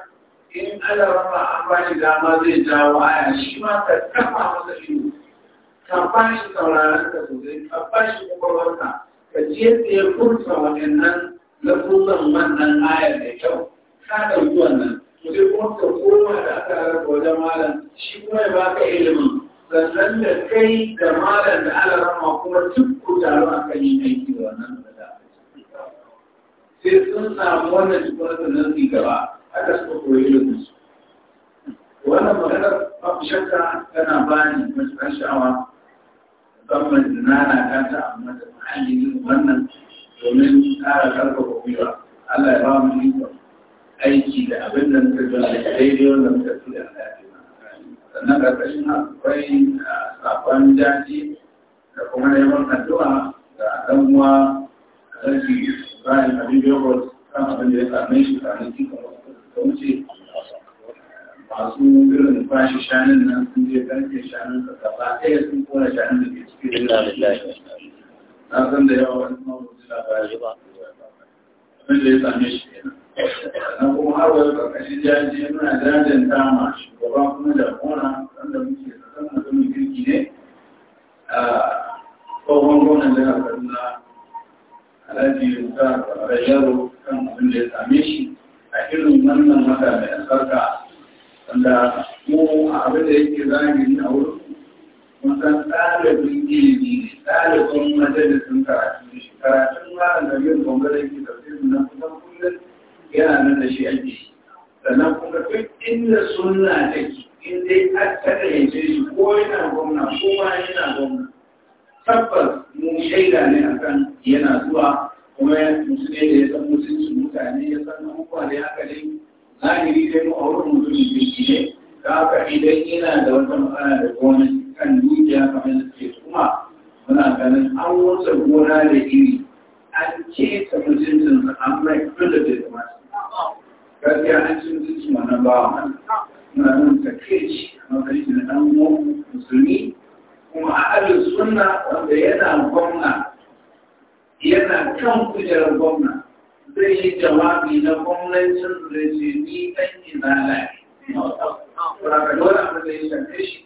in ana rama an ba shi dama zai jawo aya shi ma ka kafa masa ido ka ba shi sauraron ka sosai ka ba shi kwakwalwarka ka ce ya furta waɗannan lafazin wannan ayar da kyau ka ɗauki wannan su je kuma ka koma da aka rarraba wajen malam shi kuma ya baka ilimin sannan da kai da malam da alarama kuma duk ku taru a kan yin aiki da wannan da sai sun samu wannan jikin sannan su gaba aka suka koyi ilimin su wannan maganar babu shakka tana ba ni matuƙar sha'awa musamman da nana ta ta amma da mahallin wannan domin ƙara ƙarfafa gwiwa Allah ya ba mu aiki da abin da muka ga daidai wanda muka fi da sannan ƙarƙashin akwai sakon daji da kuma neman addu'a ga ɗan uwa alhaji Ibrahim Habibu Yogos kan abin da ya same shi kwanaki da wuce masu irin kwashe shanun nan sun je karfe shanun ka gaba ɗaya sun kora shanun da ke cikin na san da yawa wani mawuzi labari abin da ya same shi kenan sannan kuma har ƙarƙashin muna dama shugaban kuma jagora wanda muke kasan mutumin kirki ne a tsohon jihar kaduna kan abin da ya same shi a wannan mai mu a abin da ɗalibin ilimi ne ɗalibin majalisun karatu ne karatun kullum yana nan da shi shi sannan kuma duk inda suna take in dai an taɓa yanke shi ko yana gwamna ko ma yana gwamna tabbas mu shaida ne akan yana zuwa kuma ya ne da ya san mutuncin mutane ya san abubuwa da ya dai zahiri dai mu a wurin mutumin kirki ne ta haka idan yana da wata matsala da gwamna kan dukiya kamar da ke kuma muna ganin an wasa gona da iri an ce ta mutuncin an mai dole da kamata gaskiya an cin zuci wannan ba wa suna nuna takaici a matsayin na ɗan musulmi kuma a alin suna, wanda yana gwamna yana kan kujerar gwamna zai yi jawabi na gwamnatin da ce ni ɗan izala ne. Kuraka dole abin da ya shafe shi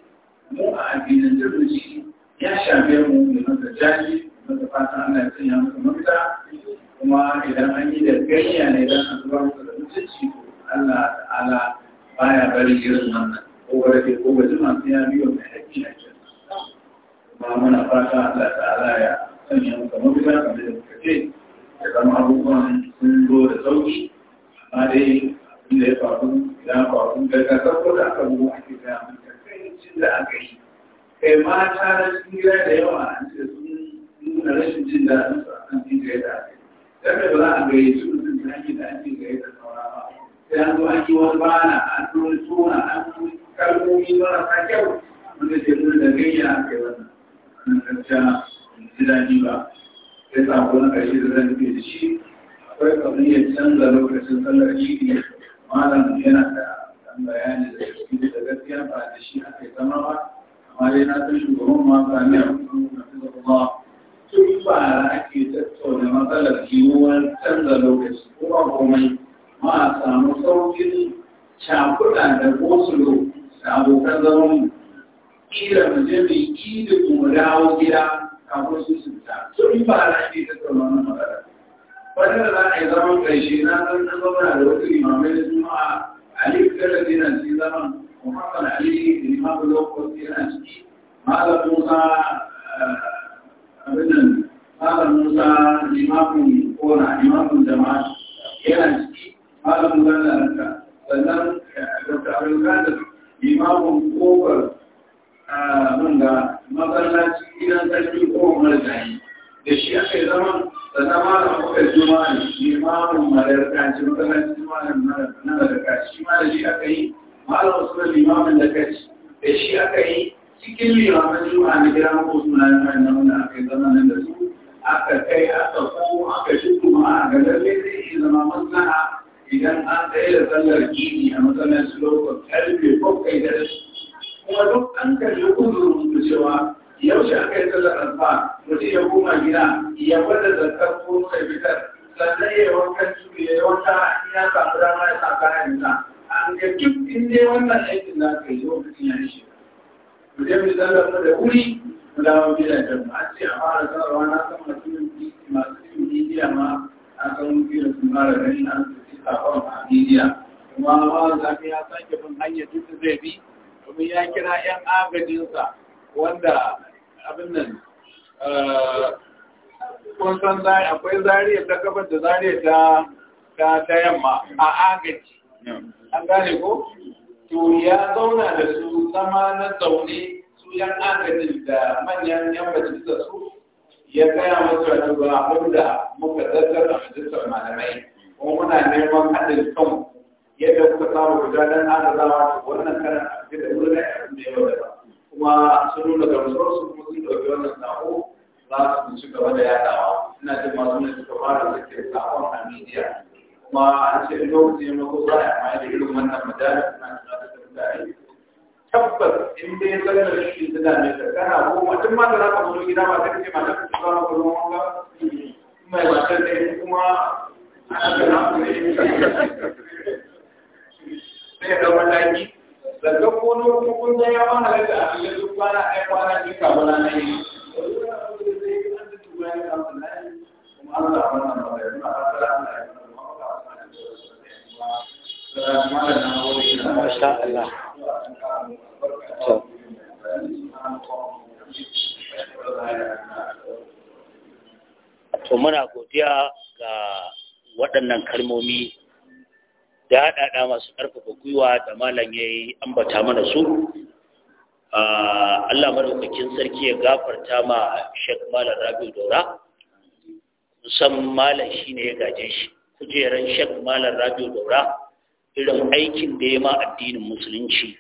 mu a addinin jirgin ya shafe mu da masa jaji fata ana Allah ya sanya masa mafita kuma idan an yi da gariya ne don a zuwa musu da mutunci Allah ta'ala baya bari irin wannan ko wadda ke ko wajen masu ya biyo mai haƙƙi na kyan kuma muna fata Allah ta'ala ya sanya muka mafita kamar da muka ce da zama abubuwan sun zo da sauƙi amma dai abin da ya faru idan faru daga saboda aka bugu ake gaya mun kakkancin da aka yi kai mata na cikin gida da yawa an ce sun nuna rashin jin daɗin a kan jin da aka dan da za a gaya su mutum da ake da ake gaya da saura ba sai an zo an yi wani bana an zo wani tona an zo kalmomi marasa kyau wanda ke nuna da gayya a kai wannan nan gaskiya ji daɗi ba sai sa na karshe da zan rufe da shi akwai kamar ya canza lokacin sallar idi malam yana da ɗan bayani da shi da gaskiya ba da shi aka yi zama ba amma dai na san shugaban ma sami a kuma na fi zama duk ba ake tattauna matsalar yiwuwar canza lokaci kuma komai ma a samu saukin cakuɗa da kosulo da abokan zaman kila mu je mu yi da dawo gida kafin su sunta duk ba ake tattauna matsalar wannan za a yi zaman ƙarshe na san na zauna da wasu imamai da juma'a ali kada yana ci zaman muhammad ali da imamu lokaci yana ciki malam musa abinan malam musa limamin kona limamin jama'a yana ciki malam musa da ranka sannan dr abdulkadir limamin kofar mun ga masallaci gidan sarki ko marigayi da shi aka yi zaman da zama da kuka juma'a limamin malarka ce masallacin malam malam zane ta ta ta yamma a agaji an gane ko to ya zauna da su sama na zaune su yan agajin da manyan yan majalisar su ya kaya masu wani ba wanda muka zartar a majalisar malamai kuma muna neman haɗin kan yadda kuka samu guda don agazawa wannan karan a cikin da wurin da ya fi da da yau ba kuma sun nuna gamsuwar su kuma sun ɗauki wannan sako za su ci gaba da yadawa ina jin masu ne suka fara suke sakon a media kuma an ce lokaci ya mako za a amfani da irin wannan majalis na tunatar da mutane tabbas in dai sallar shi ta dame ka kana ko mutum ma da za ka zo gida ba ta kace matar ka zuwa maka ruwan wanka mai matar da kuma ana na ne sai ya dawo mataki daga ko lokacin kun ya ba na da abin duk kwana ɗaya kwana kamar na yi muna godiya ga waɗannan kalmomi da haɗaɗa masu ƙarfafa gwiwa da malam ya yi ambata mana su Allah maraukakin sarki ya gafarta ma Sheikh Malam Rabi'u Dora. musamman malam shine ya gaje shi kujeran Sheikh Malam Rabi'u Dora, irin aikin da ya ma addinin musulunci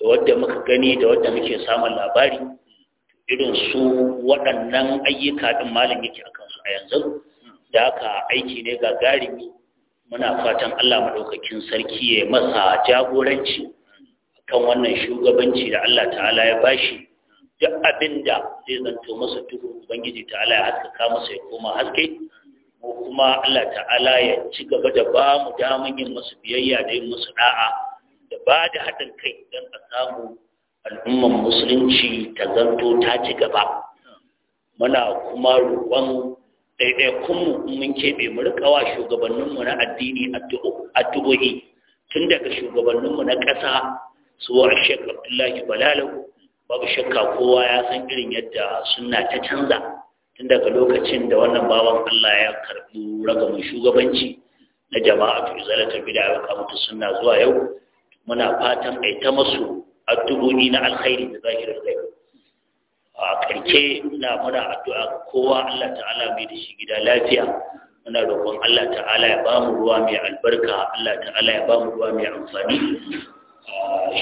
da wadda muka gani da wadda muke samun labari irin su waɗannan ayyuka din malam yake akan su a yanzu da haka aiki ne ga gagarumi muna fatan Allah maraukakin sarki ya masa jagoranci kan wannan shugabanci da Allah ta'ala ya bashi duk abin da zai zanto masa duhu ubangiji ta'ala ya haskaka masa ya koma haske ko kuma Allah ta'ala ya ci gaba da ba mu damun yin masu biyayya da yin masu da'a da ba da haɗin kai don a samu al'ummar musulunci ta zanto ta ci gaba muna kuma roƙon ɗaiɗaikunmu in mun keɓe mu rika wa shugabanninmu na addini addu'o'i tun daga shugabanninmu na ƙasa suwar wa abdullahi balalau babu shakka kowa ya san irin yadda suna ta canza tun daga lokacin da wannan baban allah ya karɓi ragamin shugabanci na jama'a fi ta bida ya kamata suna zuwa yau muna fatan a ta masu addu'o'i na alkhairi da zahirar gaibu a karke na muna addu'a kowa allah ta'ala mai da shi gida lafiya muna roƙon Allah ta'ala ya ba mu ruwa mai albarka Allah ta'ala ya ba mu ruwa mai amfani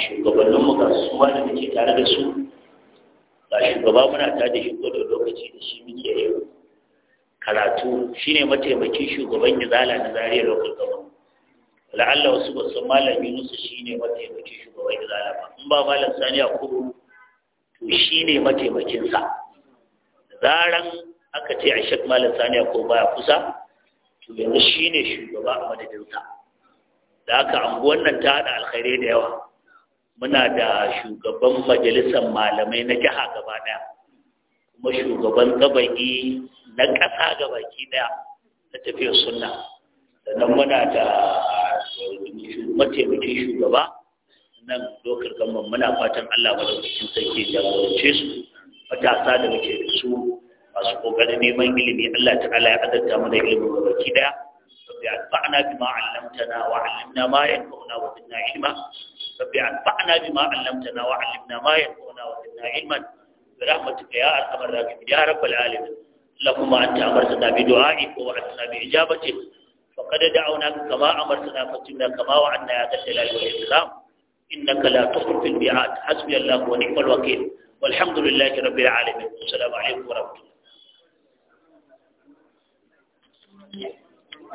shugabannin mu kasuwa da muke tare da su ba shugaba muna tare da shi kodo lokaci da shi muke karatu shine mataimakin shugaban ya zala na zariya lokacin gaba la'alla wasu ba san malam shine mataimakin shugaban ya zala ba in ba malam Sani kudu to shine mataimakin sa zaran aka ce a shek malam Sani Yakubu baya kusa to yanzu shine shugaba a madadinsa da haka anguwan nan ta haɗa alkhairi da yawa muna da shugaban majalisar malamai na jiha gaba ɗaya kuma shugaban gabaki na ƙasa gabaki ɗaya da tafiyar sunna sannan muna da mataimakin shugaba nan dokar gamban muna fatan Allah madaukakin sarki da jagorance su matasa da muke da su masu ƙoƙarin neman ilimi Allah ta'ala ya adadta mana ilimin gabaki ɗaya رب أنفعنا بما علمتنا وعلمنا ما ينفعنا وزدنا علما رب أنفعنا بما علمتنا وعلمنا ما ينفعنا وزدنا علما برحمتك يا أرحم الراحمين يا رب العالمين اللهم أنت أمرتنا بدعائك ووعدتنا بإجابتك فقد دعوناك كما أمرتنا فاتبنا كما وعدنا يا ذا الجلال والإكرام إنك لا تخلف الميعاد حسبي الله ونعم الوكيل والحمد لله رب العالمين والسلام عليكم ورحمة الله Yeah.